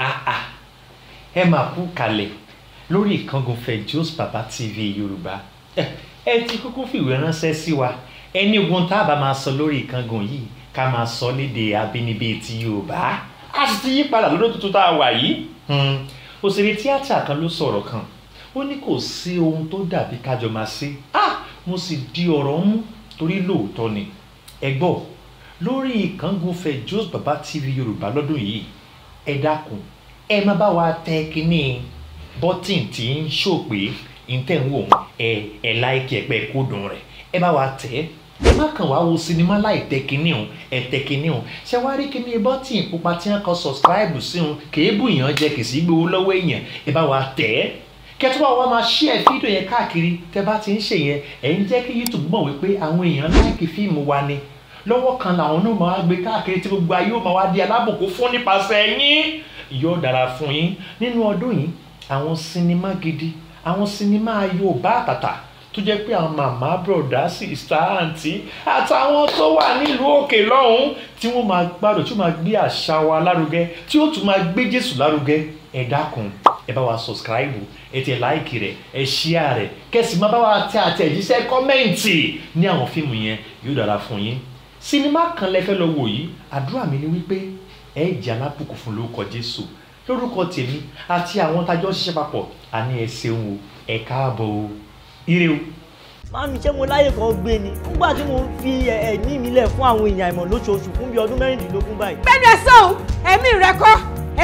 àà ah, ah. ẹ máa kú kalẹ̀ lórí ìkángun Fejosbaba baba tv yorùbá ẹ ti kúkú fìwé ránṣẹ́ sí wa ẹni ogun tá a bá máa sọ lórí ìkángun yìí ká máa sọ léde abínibí ti yorùbá a sì ti yí padà lọ́dún tuntun tá a wà yìí hmm. òṣèré tíátà kan ló sọ̀rọ̀ kan ó ní kò sí ohun tó dàbí kájọ máa ṣe ah mo sì di ọ̀rọ̀ mú torí lóòótọ́ ni ẹ gbọ́ lórí ìkángun Fejosbaba tv yorùbá lọ́dún yìí ẹ dákun ẹ má bá wa tẹ kínní bọ́tìn tí ń ṣò pé ìtẹ̀ ń wò ẹ ẹ láìkí ẹ pé kódùn rẹ̀ ẹ bá wa tẹ̀ ẹ má kàn wá wo sinimá láì tẹ kínní o ẹ tẹ kínní o ṣé wàá rí kínní bọ́tìn pupa tí wọ́n kọ sọ̀sìkíráìbù sí wọn kéébù yàn jẹ kìsì gbowó lọ́wọ́ èèyàn ẹ bá wa tẹ̀ ẹ́ kẹtùbà wa máa ṣí ẹ fídíò yẹn káàkiri tẹ bá ti ń ṣe yẹn ẹ ń jẹ́ kí YouTube mọ̀ wípé àwọn èèyàn láìkí fíìmù wa ni lọ́wọ́ kan làwọn náà máa gbé káàkiri tí gbogbo ayé ó máa wá di alábòkú fún nípasẹ̀ yín yóò dára fún yín nínú ọdún yìí àwọn sinimá gidi àwọn sinimá Yorùbá àtàtà tó jẹ́ pé àwọn màmá bùrọ̀dá sí ìsá àǹtí àtàwọn tó wà nílùú òkè lọ́hùn tí wọ́n máa gbádùn tí wọ́n máa gbé àṣà wa lárugẹ tí ó tún máa gbé Jésù lárugẹ ẹ dákun ẹ bá wa subscribe ẹ tẹ láìkì rẹ ẹ ṣíà rẹ kẹsì máa bá wa tẹ àtẹ̀jíṣẹ́ kọ́mẹ́ǹtì ní àwọn fíìmù yẹn yóò dára fún yín sinimá kan lẹ́fẹ́ lọ wò yìí àdúrà mi ni wípé ẹ jẹ́ alábùkún fún lórúkọ Jésù lórúkọ tèmi àti àwọn tájọ́ ṣiṣẹ́ papọ̀ àní ẹ ṣeun o ẹ káàbọ̀ o ire o. Màámi ṣé mo láyè kan gbé ni nígbà tí mo ń fi ẹ̀mí mi lẹ̀ fún àwọn èèyàn àìmọ̀ lóṣooṣù fún bíi ọdún mẹ́rìndínlógún báyìí. bẹ́ẹ̀ ni ẹ sọ ẹ̀mí rẹ kọ́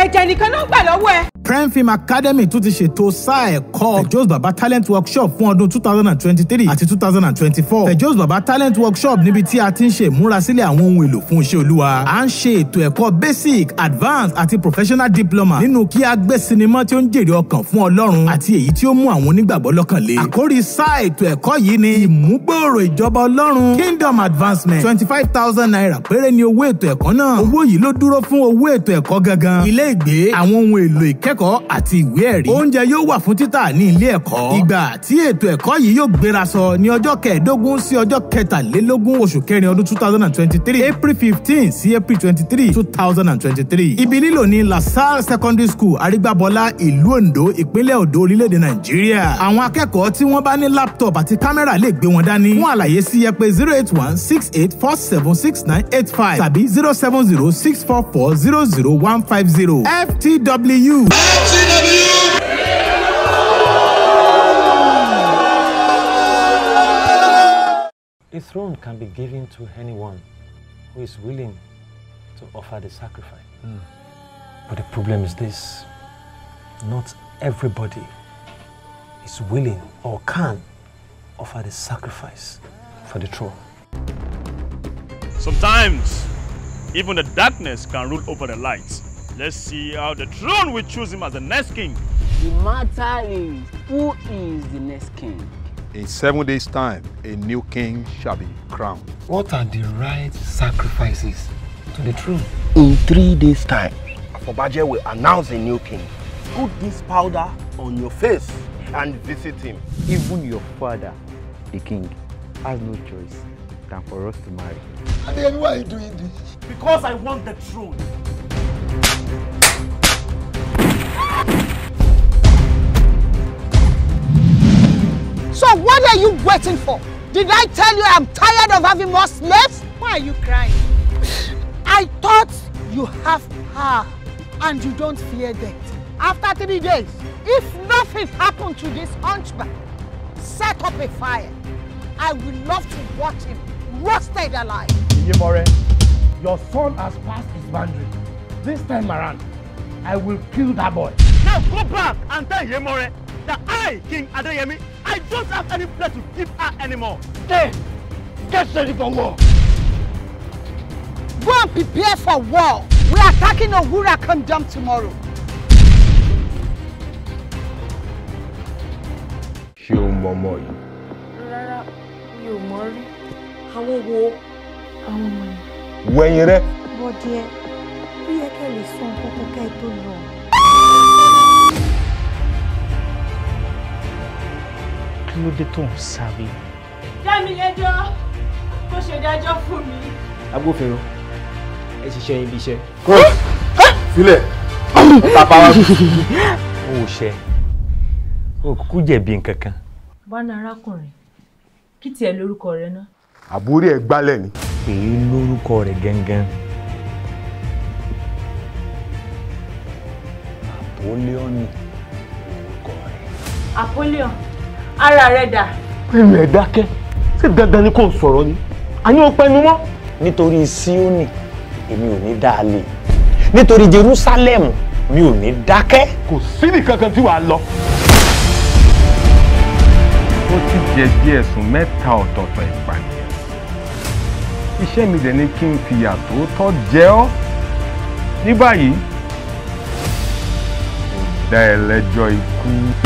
ẹ̀jẹ̀ nìkan ló ń gbà lọ́wọ́ ẹ prime film academy tún ti ṣètò sáà ẹ̀kọ́ fejos baba talent workshop fún ọdún 2023 thousand and twenty-three àti two thousand and talent workshop níbi tí a ti ń ṣe ìmúrasílẹ̀ àwọn ohun èlò fún iṣẹ́ olúwa à ń ṣe ètò ẹ̀kọ́ basic advanced àti professional diploma nínú kí a gbé sinimá tí ó ń jèrè ọkàn fún ọlọ́run àti èyí tí ó mú àwọn onígbàgbọ́ lọ́kàn lé àkórí sáà ètò ẹ̀kọ́ yìí ni ìmúgbòòrò ìjọba ọlọ́run kingdom advancement twenty-five thousand naira péré ni owó ètò ẹ̀kọ́ náà owó yìí ló dúró fún owó ètò ẹ̀kọ́ gangan ilé ìgbé àwọn ohun èlò akẹ́kọ̀ọ́ àti ìwé ẹ̀rí. oúnjẹ yóò wà fún títà ní ilé ẹ̀kọ́. ìgbà tí ètò ẹ̀kọ́ yìí yóò gbéra sọ ní ọjọ́ kẹẹ̀ẹ́dógún sí ọjọ́ kẹtàlélógún oṣù kẹrin ọdún two april 15 sí april twenty-three two thousand and ibi lílò ní lasalle secondary school arígbábọ́lá ìlú ondo ìpínlẹ̀ ondo orílẹ̀-èdè nàìjíríà. àwọn akẹ́kọ̀ọ́ tí wọ́n bá ní laptop àti kámẹ́rà lè gbé wọn dání. fún àlàyé sí ẹ pé zero eight one six tàbí zero seven zero ftw. A throne can be given to anyone who is willing to offer the sacrifice. Mm. But the problem is this not everybody is willing or can offer the sacrifice for the throne. Sometimes, even the darkness can rule over the light. Let's see how the throne will choose him as the next king. The matter is, who is the next king? In seven days' time, a new king shall be crowned. What are the right sacrifices to the throne? In three days' time, Afobaje will announce a new king. Put this powder on your face and visit him. Even your father, the king, has no choice than for us to marry. And then why are you doing this? Because I want the throne. So what are you waiting for? Did I tell you I'm tired of having more slaves? Why are you crying? I thought you have her and you don't fear death. After three days, if nothing happened to this hunchback, set up a fire. I would love to watch him roasted alive. Iyemore, your son has passed his boundary. This time around, I will kill that boy. Now go back and tell Yemore that I, King Adeyemi, I don't have any place to keep her anymore. Stay! Get ready for war! Go and prepare for war! We are attacking Ohura Kingdom tomorrow. Ṣé o mọ ọmọ yìí? Rárá, mi ò mọ̀ rí. Àwọn wo? Àwọn ọmọ yìí ẹ lè sọ nǹkan kan ká ẹ tó lọ. kí ló dé tó ń sáré. dámi lẹ́jọ́ kó ṣe dájọ́ fún mi. agbófinró ẹ ṣiṣẹ́ ibi iṣẹ́. kó sílẹ̀ ọ̀tá báwa. o ò ṣe o kúkú jẹ̀bi nǹkan kan. wá ní arákùnrin kí tiẹ̀ lórúkọ rẹ ná. àbúrò ẹ̀ gbálẹ̀ ni. pè é lórúkọ Àpólíọ̀nù orúkọ rẹ̀. Àpólíọ̀n ara rẹ̀ dà. ilẹ̀ dákẹ́ ṣé dandan ni kò sọ̀rọ̀ ni àní o pẹnu mọ́. nítorí Síónì èmi ò ní dá nítorí Jerusalem mi ò ní dákẹ́. kò sí nìkankan tí wàá lọ. ó ti jẹ̀bi ẹ̀sùn mẹ́ta ọ̀tọ̀ọ̀tọ̀ ìpànìyàn iṣẹ́ mi dẹ̀ ni kí n fìyà tó tọ́ jẹ ọ́ ní báyìí dá ẹlẹ́jọ́ ikú.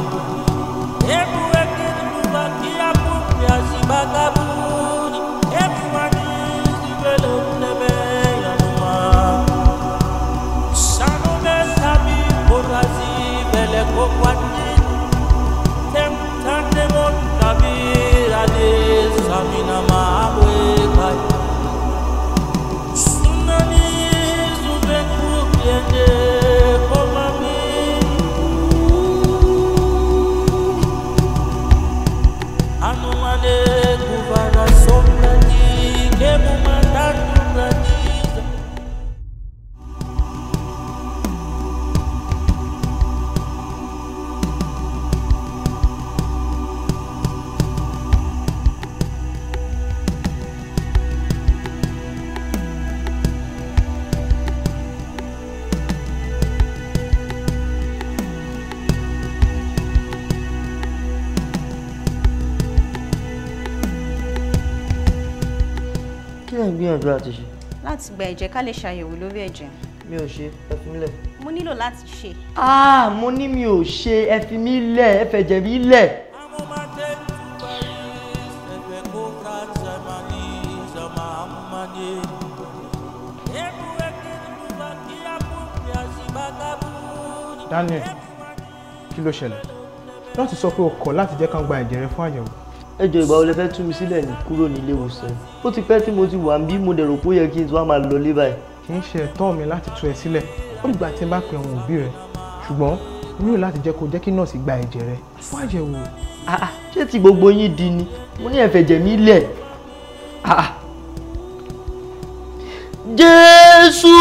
gbìyànjú àti ṣe. láti gba ẹ̀jẹ̀ ká lè ṣàyẹ̀wò lórí ẹ̀jẹ̀. mi ò ṣe ẹ fi mí lẹ̀. mo nílò láti ṣe. ah mo ní mi ò ṣe ẹ fi mí lẹ̀ ẹ fẹ̀jẹ̀ mi lẹ̀. Daniel kí ló ṣẹlẹ̀ láti sọ pé o kọ̀ láti jẹ́ ká gba ẹ̀jẹ̀ rẹ fún àyẹ̀wò ẹjọ ìgbà wo lẹ fẹ́ tú mi sílẹ̀ ní kúrò nílé ìwòsàn ó ti pẹ́ tí mo ti wà bí mo dẹ̀rò pé ó yẹ kí n tún wá máa lọ lé báyìí. kì í ṣe ẹ̀tọ́ mi láti tú ẹ sílẹ̀ ó dìgbà tí n bá pe àwọn òbí rẹ ṣùgbọ́n mi ò láti jẹ́ kó jẹ́ kí nọ́ọ̀sì gba ẹ̀jẹ̀ rẹ fún àyẹ̀wò. Ah, ah. ṣé ti gbogbo yín di ni mo ní ẹ̀fẹ̀jẹ̀ mi lẹ̀. Ah, Jésù.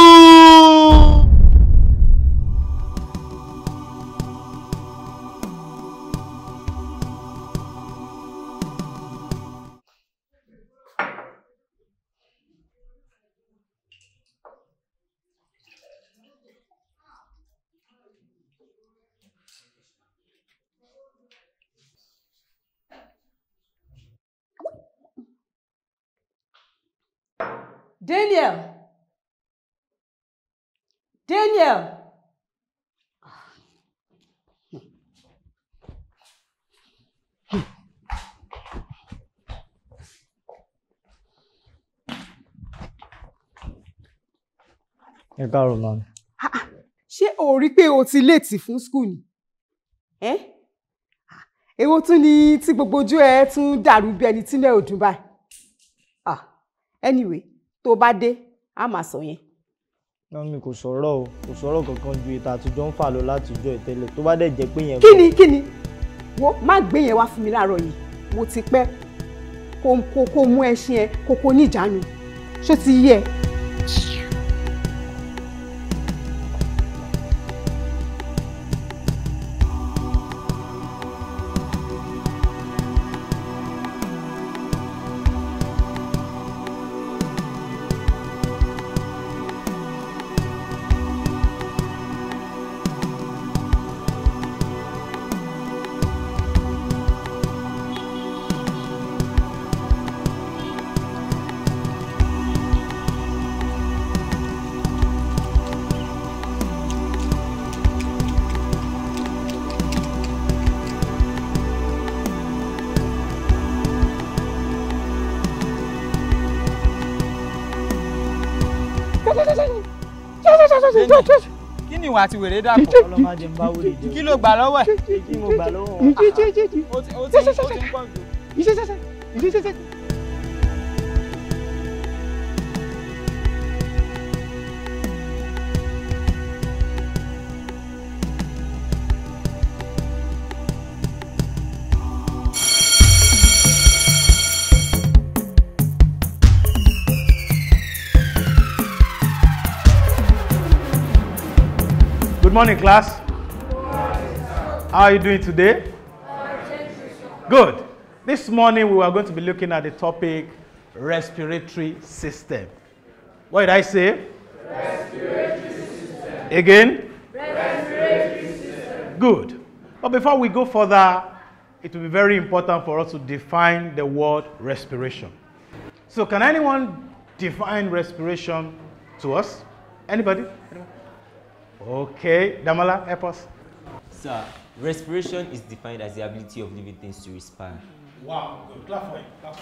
Daniel Daniel ẹ káàárọ̀ màmí. ṣé o rí i pé o ti léètì fún skul ni èwo tún ni tí gbogbo ojú ẹ tún dàrú bí ẹni tí náà ò dùn báyìí anyway tó bá dé a máa sọ yẹn. mọ́mí kò sọ̀rọ̀ o kò sọ̀rọ̀ kankan ju ìta àtijọ́ ń fà lọ látijọ́ ìtẹ́lẹ̀ tó bá dẹ̀ jẹ́ pé yẹn. kí ni kí ni wo má gbé yẹn wá fún mi láàárọ̀ yìí mo ti pẹ́ kó mú ẹṣin ẹ kó kó níjàánu ṣó ti yẹ. ìwà àti wèrè dàpọ̀. kí ló gbà lọ́wọ́ ẹ̀. kí mo gbà lọ́wọ́ wọn. ó ti ń pọ̀ jù. Good morning, class. How are you doing today? Good. This morning we are going to be looking at the topic respiratory system. What did I say? Respiratory system. Again? Respiratory system. Good. But before we go further, it will be very important for us to define the word respiration. So, can anyone define respiration to us? Anybody? Anybody? Okay, Damala, help us. Sir, respiration is defined as the ability of living things to respire. Wow, good. Clap for him. Clap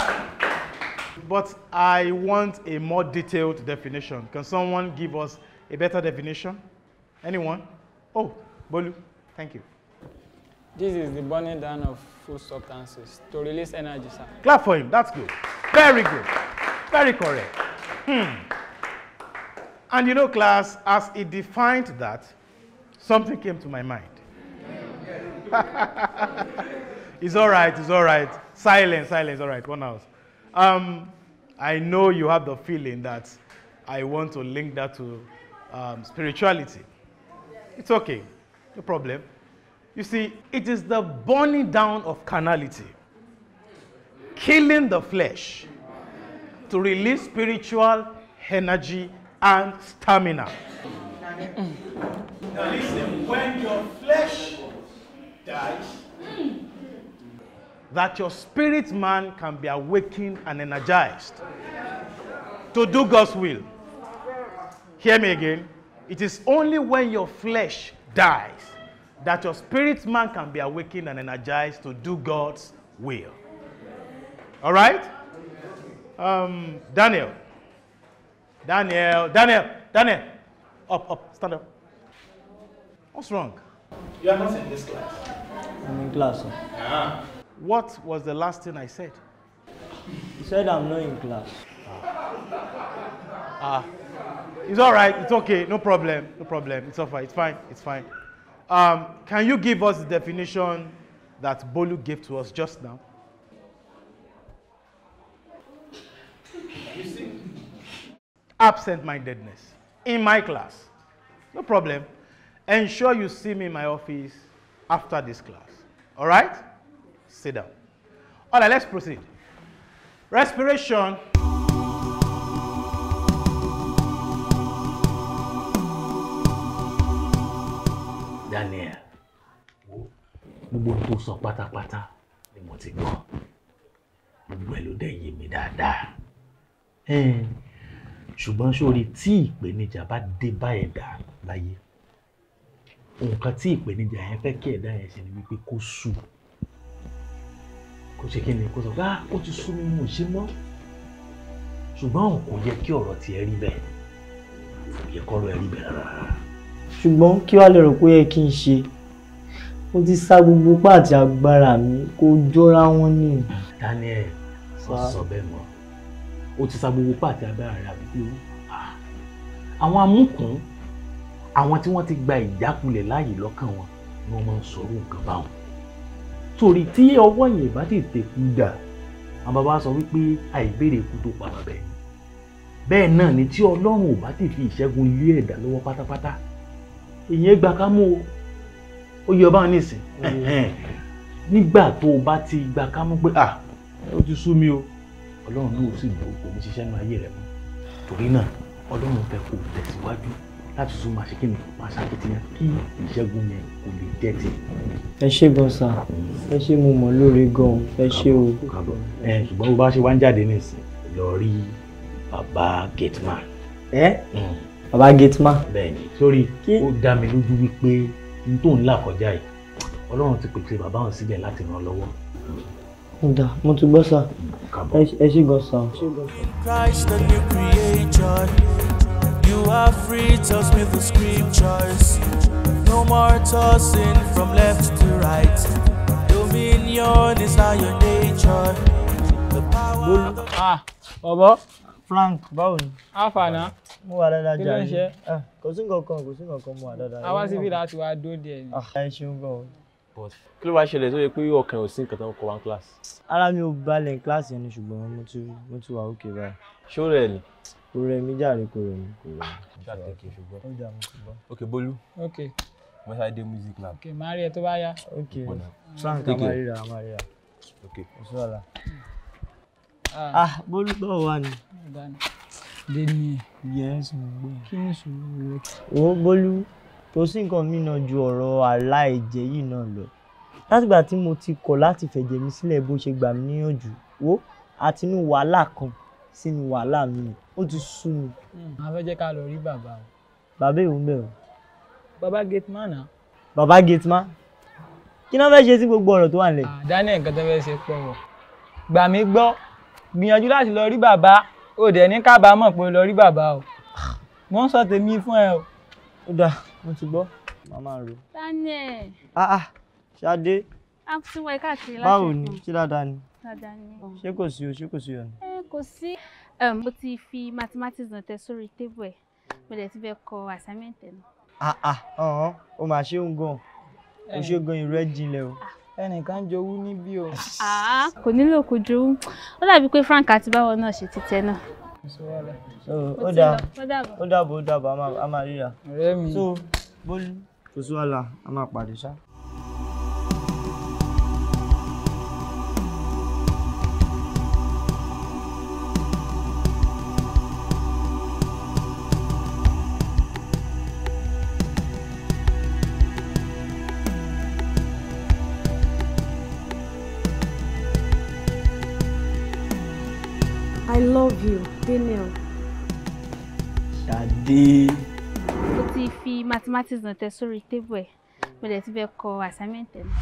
for him. But I want a more detailed definition. Can someone give us a better definition? Anyone? Oh, Bolu, thank you. This is the burning down of food substances to release energy, sir. Clap for him. That's good. Very good. Very correct. Hmm. And you know, class, as he defined that, something came to my mind. it's all right, it's all right. Silence, silence, all right, one house. Um, I know you have the feeling that I want to link that to um, spirituality. It's okay, no problem. You see, it is the burning down of carnality, killing the flesh to release spiritual energy and stamina. Now listen, when your flesh dies, that your spirit man can be awakened and energized to do God's will. Hear me again. It is only when your flesh dies that your spirit man can be awakened and energized to do God's will. All right? Um, Daniel. Daniel, Daniel, Daniel. Up, up, stand up. What's wrong? You are not in this class. I'm in class, sir. Ah. What was the last thing I said? You said I'm not in class. Ah. ah. It's all right. It's okay. No problem. No problem. It's fine. It's fine. It's fine. Um, can you give us the definition that Bolu gave to us just now? absent mindedness in my class. No problem. Ensure you see me in my office after this class. All right? Sit down. All right, let's proceed. Respiration. Daniel, gbogbo tó sọ pátápátá ni mo ti gbọ́. Gbogbo ẹ̀ ló dẹ̀ yé mi dáadáa ṣùgbọ́n sórí tí ìpèníjà bá dé bá ẹ̀dá láyé nǹkan tí ìpèníjà yẹn fẹ́ kí ẹ̀dá yẹn ṣe ni wípé kó sù kó ṣe kí ni kó sọ pé ah ó ti sú mi mo ṣe mọ́ ṣùgbọ́n òun kò yẹ kí ọ̀rọ̀ tiẹ̀ rí bẹ́ẹ̀ kò yẹ kọ́rọ̀ ẹ̀ rí bẹ́ẹ̀ rárá. ṣùgbọ́n kí wàá lè rò pé yẹ kí n ṣe mo ti sá gbogbo pàtì agbára mi kó jọra wọn ni. Daniel sọ sọ bẹ́ẹ̀ mọ́ o ti sa gbogbo pàtẹ abẹ́rẹ́ rẹ̀ àbí pé àwọn amúkùn àwọn tí wọ́n ti gba ìjákulẹ̀ láàyè lọ́kàn wọn ni wọ́n máa ń sọ̀rọ̀ nǹkan báwọn torí tí ọwọ́ yẹn bá ti tẹ̀kú dà àwọn bàbá sọ wípé àìbéèrè ikú tó pa bàbá ẹ̀ bẹ́ẹ̀ náà ni tí ọlọ́run ò bá ti fi ìṣẹ́gun lé ẹ̀dá lọ́wọ́ pátápátá ìyẹn gba kámú o ó yẹ ọba nísìn nígbà tó o bá ti gba kámú pé ah ó ti sú mi o ọlọ́run náà ó sì lò kò ní ṣiṣẹ́ nínú ayé rẹ mọ́ torí náà ọlọ́run fẹ́ kó tẹ̀síwájú láti tún máa ṣe kí ni máa ṣàkitiyan kí ìṣẹ́gun yẹn kò lè jẹ́ ti. ẹ ṣe gan sa ẹ ṣe mo mọ̀ lóore gan ẹ ṣe o. ṣùgbọ́n bó bá ṣe wá ń jáde nísìn lọ rí bàbá gateman. ẹ hmm. bàbá gateman. bẹ́ẹ̀ni sórí ó dá mi lójú wípé n tó ń là kọjá yìí ọlọ́run ti pèsè bàbá wọn sílẹ̀ láti ràn lọ́wọ́ ọ̀dà mo ti gbọ́ sá ẹ ṣe gan Christ the new creator you are free toss me the scriptures no more tossing from left to right dominion is now your nature the power. ah ọ̀bọ Frank báwo ni. àfààná mo wà dáadáa jàre kí ló ń ṣe. Ah, kò sí nǹkan kan kò sí nǹkan kan mo wà dáadáa. àwa síbi láti wá dó díẹ̀ ni. Ah, ẹ ṣeun gan but kí ló wá ṣẹlẹ̀ tó yẹ pé ọkàn ò sí nǹkan tó ń kọ one class. ara mi ò balẹ̀ ní kíláàsì yẹn ni ṣùgbọ́n mo ti mo ti wà òkè báyìí. ṣó rẹ̀ ni. kò rẹ̀ mí jàre kò rẹ̀ mí kò rẹ̀ mí. ṣàtẹ̀kẹ̀ ṣùgbọ́n. ok Bolu. ok. mọ́sáde music lab. ok máa rí ẹ tó bá yá. ok frank amarira amarira. ok. ọ̀ṣọ́ọ̀la. ah Bolu tó wà ní. dani yẹn sùn gbọ́ kí ni sùn gbọ́. Bolu kò sí nǹkan mìíràn ju ọ̀rọ̀ aláìjẹ́ yìí náà lọ látìgbà tí mo ti kọ̀ láti fẹ̀jẹ̀ mi sílẹ̀ bó ṣe gbà mí níyànjú wo àtinú wàhálà kan sínú wàhálà mi ó ti sú mi. Hmm, a fẹ́ jẹ́ ká lọ rí bàbá o. bàbá ìwọ bẹ́ẹ̀ o. bàbá gateman náà. bàbá gateman kí náà fẹ́ ṣe sí gbogbo ọ̀rọ̀ tó wà nílẹ̀. daniel nǹkan tó fẹ́ ṣe pọ̀ wọ̀ gbà mí gbọ́ gbìyànjú láti lọ rí bàbá o dẹ̀ ní kábàámọ̀ pé o lọ rí bàbá o mo ń sọ tèmi fún ẹ o. ó dáa mo ti gbọ́ màá máa rò. Daniel. ah ah Ṣadé. a ti wọ ẹ̀ka kiri láti ẹ̀kọ́. báwo ni ṣé dáadáa ni. dáadáa ni. ṣé kò sí o ṣé kò sí o. ẹ kò sí mo ti fi mathematics náà tẹ sórí tébù ẹ mo dẹ̀ ti fẹ́ kọ assignment ẹ̀ náà. ah ah o mà ṣe ń gan o ṣe gan ìrẹ́ jinlẹ̀ o ah. ẹnìkan jowú níbí o. Ah, kò nílò kó jowú ó dàbí pé Frank àti báwo náà ṣe ti tẹ náà ó dáa ó dàbọ̀ ó dàbọ̀ a máa ríra. ọ̀rẹ́ so bólú kò sí wàhálà a máa pàdé ṣá. love you Daniel. Ṣadé. mo ti fi mathematics náà tẹ sórí tébù ẹ mo dẹ̀ ti fẹ́ kọ assignment ẹ̀ náà.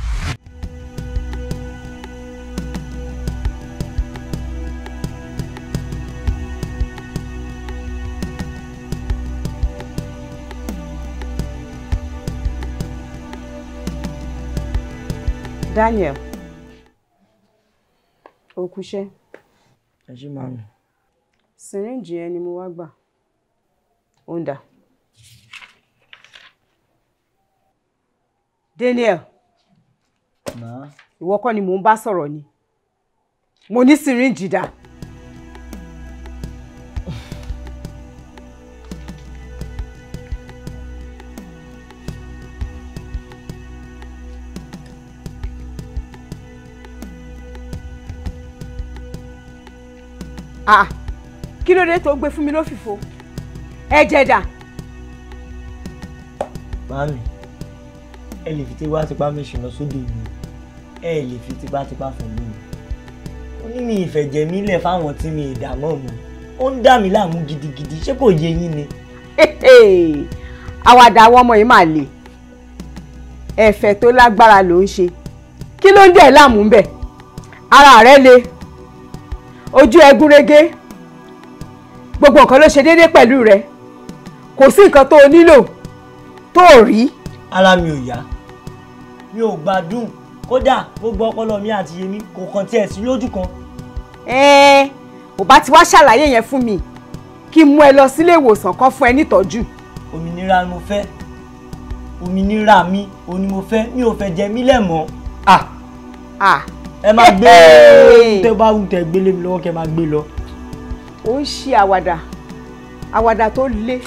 Daniel. Okuṣẹ́. Ẹ ṣé màmí sìríǹjì yẹn ni mo wá gbà ó ń dà. Daniel ìwọ kọ́ ni mò ń bá sọ̀rọ̀ ni mo ní sìríǹjì dà. Ah kí ló dé tó gbé fún mi lófìfo ẹ̀jẹ̀ dà. màámi ẹ lè fi tipa tipa mi ṣìnà sóde mi ẹ lè fi tipa tipa fún mi ó ní mi ìfẹ̀jẹ̀ mi lẹ̀ fáwọn tí mi ìdààmú mi ó ń dà mí láàmú gidigidi ṣé kò yé yín ni. àwàdà àwọn ọmọ yìí máa le ẹ̀fẹ̀ tó lágbára ló ń ṣe kí ló ń dẹ̀ láàmú bẹ̀ ara rẹ̀ le ojú ẹgúnrégé. E gbogbo nǹkan ló ṣe déédéé pẹ̀lú rẹ kò sí nǹkan tó o nílò tó o rí. ara mi ò yá mi ò gbádùn kódà gbogbo ọpọlọ mi àti yèmí kò kàn tiẹ̀ sí lójú kan. ẹ ẹ ò bá ti wá ṣàlàyé yẹn fún mi kí n mú ẹ lọ sílé ìwòsàn kan fún ẹ nítọ́jú. òmìnira ni mo fẹ́ òmìnira mi òun ni mo fẹ́ mi ò fẹ́ jẹ mí lẹ́mọ́. à ẹ máa gbé ẹ bá wù tẹ gbélé mi lọ́wọ́ kẹ máa gbé lọ ó ń ṣe àwàdà àwàdà tó le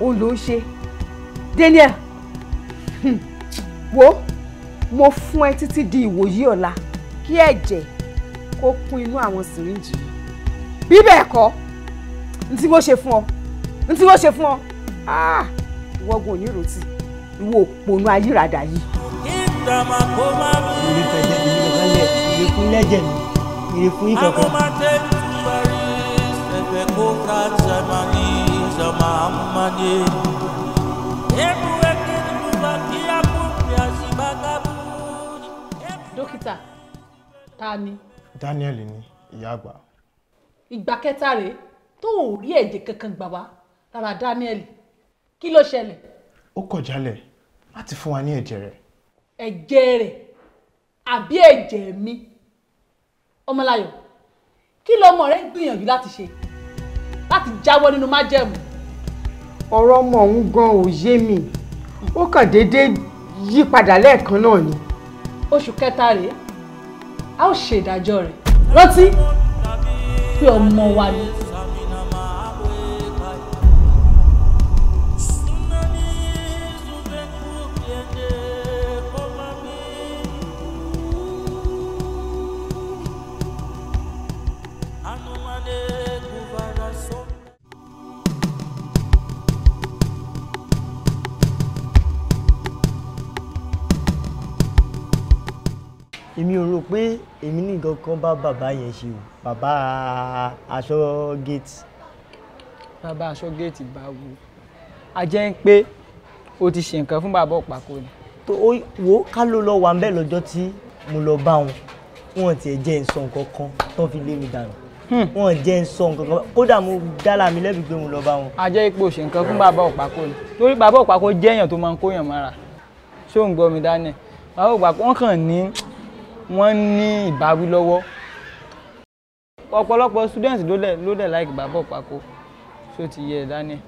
òun ló ń ṣe Daniel hmm, wo mo fún ẹ títí di ìwòyí ọ̀la kí ẹ̀jẹ̀ kó kún inú àwọn sìríǹjì yìí bí bẹ́ẹ̀ kọ́ n tí wọ́n ṣe fún ọ n tí wọ́n ṣe fún ọ ìwọ́gun ah, onírètí ìwọ òpònú ayírádà yìí. ìdààmú kó má bí. ìrèkùn lẹ́jẹ̀ mi ìrèkùn ìkọ̀kọ̀. Vekurat zamani zama amani Ebu ekin lubaki akumbi azibagabuni Dókítà, ta ni? Daniel ni, ìyá àgbà. Ìgbà kẹta rèé tó ò rí ẹ̀jẹ̀ kankan gbà wá lára Daniel. Kí ló ṣẹlẹ̀? Ó kọ̀ jálẹ̀ láti fún wa ní ẹ̀jẹ̀ rẹ̀. Ẹ̀jẹ̀ rẹ̀ àbí ẹ̀jẹ̀ mi? Ọmọláyọ̀, kí lọmọ rẹ ń gbìyànjú láti ṣe? láti jáwọ́ nínú májẹ̀mú. ọ̀rọ̀ ọmọ ọ̀hún gan ò yé mi ó kàn déédéé yí padà lẹ́ẹ̀kan náà ni. oṣù kẹta rèé a ó ṣe ìdájọ́ rẹ̀ rántí pé ọmọ wa ni. ò rò pé èmi ní nǹkan kan bá bàbá yẹn ṣe o bàbá aṣọ géètì. bàbá aṣọ géètì bá wo a jẹ́ ń pé o ti ṣe nǹkan fún bàbá ọ̀pàkó ni. tó o wo ká ló lọ wà ń bẹ̀ lọ́jọ́ tí mo lọ bá wọn wọn tiẹ̀ jẹ́ ń sọ nǹkan kan tán fi lé mi dànù hmm. wọn jẹ́ ń sọ nǹkan kan kódà mo dálà mi lẹ́bi pé mo lọ bá wọn. a jẹ́ ipò ṣe nǹkan fún bàbá ọ̀pàkó ni torí bàbá ọ̀pàkó jẹ́ èèyàn tó máa ń kóyàn mára ṣé ò ń gbọ́ mi dání bàbá ọ̀pàkó wọn kàn ní wọ́n ní ìbáwí lọ́wọ́ ọ̀pọ̀lọpọ̀ students ló dẹ̀ ló dẹ̀ like bàbá òpákó tó ti yẹ daniel.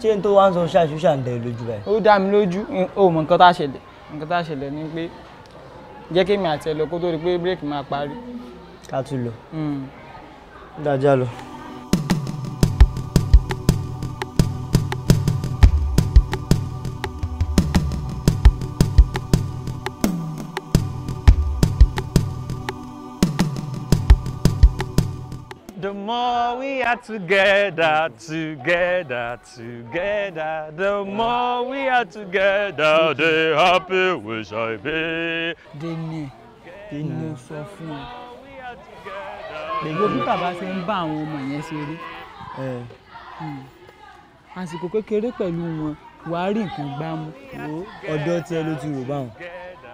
ṣé n tó wá ń sọ ṣáṣú ṣàǹdẹ lójú ẹ. ó dá mi lójú o mọ nǹkan tá a ṣẹlẹ̀ nǹkan tá a ṣẹlẹ̀ ni pé jẹ́ kí èmi àti ẹ lọ kó tó di pé bírèkì máa parí. ká tún lọ. Hmm. dájá lọ. the more we are together, together, together, the more we are together, the happy we shall be. Dènì, Dènì sọ fún ọ. Gbogbo bí bàbá ṣe ń bá àwọn ọmọ yẹn ṣeré. Hmm. Àsìkò kékeré pẹ̀lú wọn, wàá rí nǹkan gbámú. Ọ̀dọ́ tiẹ̀ ló ti wò báwọn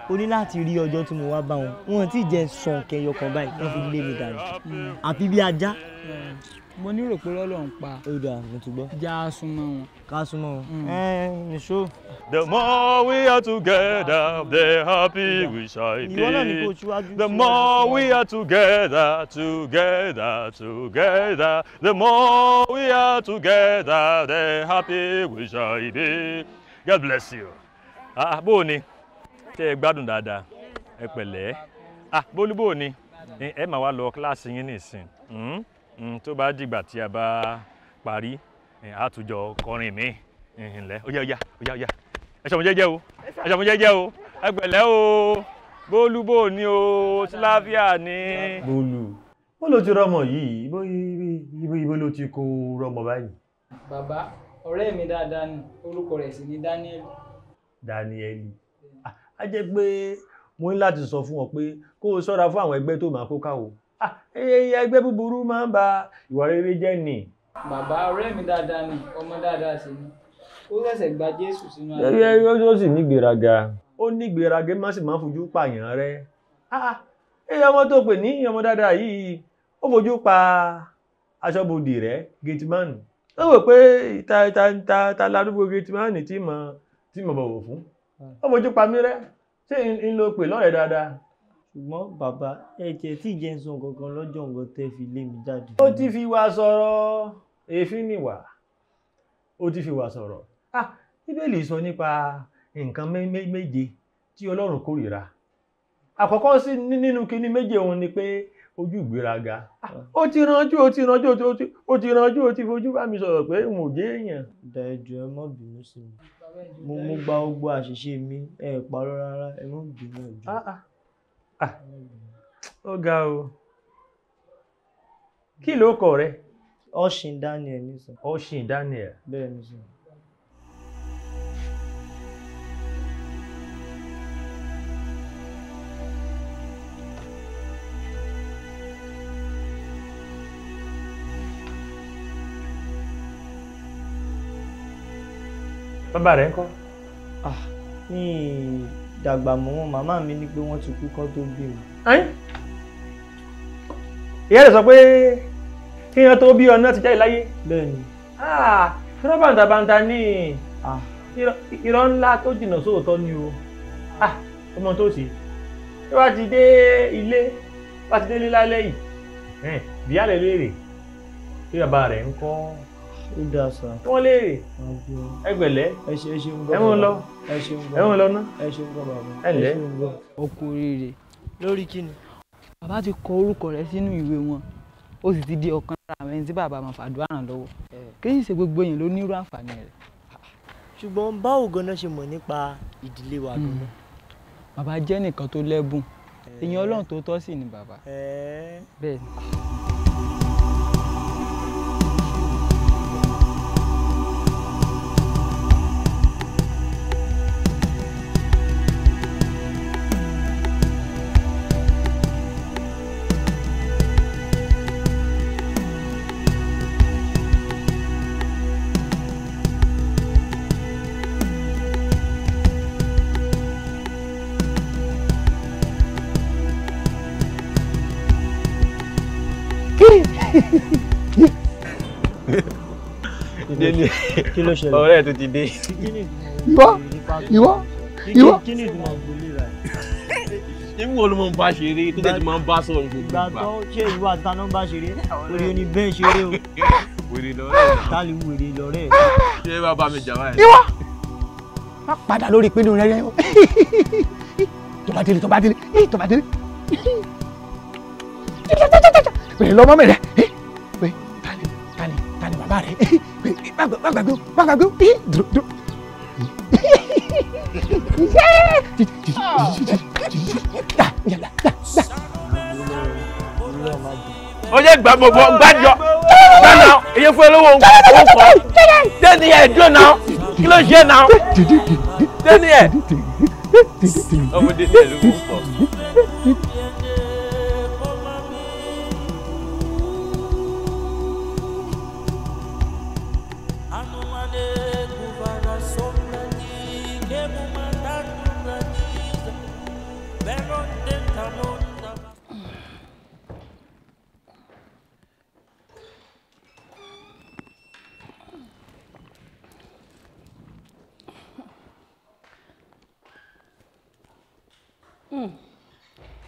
o ní láti rí ọjọ́ tí mo wá bá wọn wọn ti jẹ sàn kẹyọkan báyìí wọn fi lé mi dànù àfi bí ajá. Mm. mo ní pé lọ́lọ́run pa já a súnmọ́ wọn. ká a súnmọ́ wọn. Mm. ẹ ẹ the more we are together the happy we shall be. the more we are together together together the more we are together the happy we shall be. God bless you. ah bó o ni. tẹ ẹ gbádùn dáadáa ẹ ah bólúbò ni ẹ máa wá lọ kíláàsì yín nìsín hmm? hmm, tó bá dìgbà tí a bá parí kọrin mi ńlẹ ó yá ó yá ó o ẹ o ẹ o bólúbò ni o sílávíà ni. bólú bó ló ti rọmọ yìí ibo ibo ibo ló ti kó rọmọ báyìí. bàbá ọ̀rẹ́ mi dáadáa ni orúkọ ni á jẹ́ pé mo ní láti sọ fún ọ pé kó o ṣọ́ra fún àwọn ẹgbẹ́ tó máa kó káwo ah, ẹgbẹ́ búburú máa ń ba ìwà rere jẹ́ nì. bàbá ọ̀rẹ́ mi dáadáa ni ọmọ dáadáa sì ni ó ṣẹ̀ṣẹ̀ gba jésù sínú ayé. ó sì nígbéraga ó nígbéraga má sì máa fojú pààyàn rẹ ah, ah, ẹyẹ ọmọ tó pè ní ọmọ dáadáa yìí ó fojú pa aṣọ́bodè rẹ gẹtìmánì ó wò pé ta ta ta ta ládùúgbò gẹtìmánì tí mo tí mo bọ̀wọ̀ fún ó fojú pa mí rẹ́ ṣé n lo pè lọ́rẹ̀ dáadáa. ṣùgbọ́n bàbá ẹ jẹ́ tí jẹ́sùn kankan lọ́jọ́ nǹkan tẹ́ fi lé mi jáde. ó ti fi wá sọ̀rọ̀ èéfín nìwà ó ti fi wá sọ̀rọ̀ ah bíbélì sọ nípa nǹkan méje tí ọlọ́run kórìíra àkọ́kọ́ sí nínú kinní méje òun ni pé ojú ìgbéraga ah. ó ti ó ti ó ti fojú bá mi sọ̀rọ̀ pé n ò jẹ́ èèyàn. dẹjọ ẹ má bínú mi mo gba gbogbo àṣìṣe mi ẹ parọ́ rárá ẹ ah, ah. ga o kí ló kọ rẹ. Ọṣin Daniel Daniel. bàbá rẹ̀ ńkọ́. mi dàgbà mọ́ wọn màmá mi ní pé wọ́n ti kú kán tó bí mi. ìyá rẹ̀ sọ pé kí wọ́n tó bí ọ náà ti jáde láyé. bẹ́ẹ̀ni. Ah, irọ́ bàǹtàbàǹtà ni ah. irọ́ ńlá tó jìnnà sóòótọ́ ni o ah, ọmọ tó ṣe tó bá ti dé ilé bá ti dé ilé lálẹ́ yìí bí léèrè bí bàbá rẹ̀ ń kọ́ ó dáa sá. wọ́n léèrè ẹgbẹ̀lẹ́ ẹ ṣeun gbọ́ ẹ̀wọ̀n lọ ẹ ṣeun gbọ́ ẹ̀wọ̀n lọ ná ẹ ṣeun gbọ́ bàbá ẹ lẹ́ ọkọ rere lórí kíni. bàbá ti kọ orúkọ rẹ sínú ìwé wọn ó sì ti di ọ̀kan lára àwọn ẹni tí bàbá máa fàdúrà ràn lọ́wọ́ kí n ṣe gbogbo èèyàn ló nírú àǹfààní rẹ. ṣùgbọ́n báwo ganan ṣe mọ̀ nípa ìdílé wa hmm. ganan. bàbá jẹ́ nìkan tó lẹ́bùn èèyàn eh. ọlọ́run tó tọ́ sí ni bàbá eh. bẹ́ẹ̀ ni. kí ló ṣẹlẹ̀ ọ̀rẹ́ tó ti dé. ìwọ ìwọ ìwọ. kí ni ìdùnnú àgbòlè rà níbi wo ló máa tó tẹ̀sí máa ń bá sọ̀rọ̀ gbogbo ìgbà. gbàgbọ́ ṣé ìwọ àtàná ń bá ṣeré orí oní bẹ́ẹ̀ ṣeré o. wèrè lọ́rẹ́ ta wèrè lọ́rẹ́. ṣé bàbá mi jà báyìí. ìwọ má padà lórí ìpinnu rẹ rẹ o tó bá délé tó bá délé bèrè lọ́mọ mi rẹ̀ pé tani tani tani bàbá rẹ̀ pé má gbàgbé o má gbàgbé o dúró dúró. o yẹ gbàjọ gbàna iye fún olówó nkọ dẹni ẹ dúró náà kí ló ṣe náà dẹni ẹ ọmọdé tẹ ló ń bọ.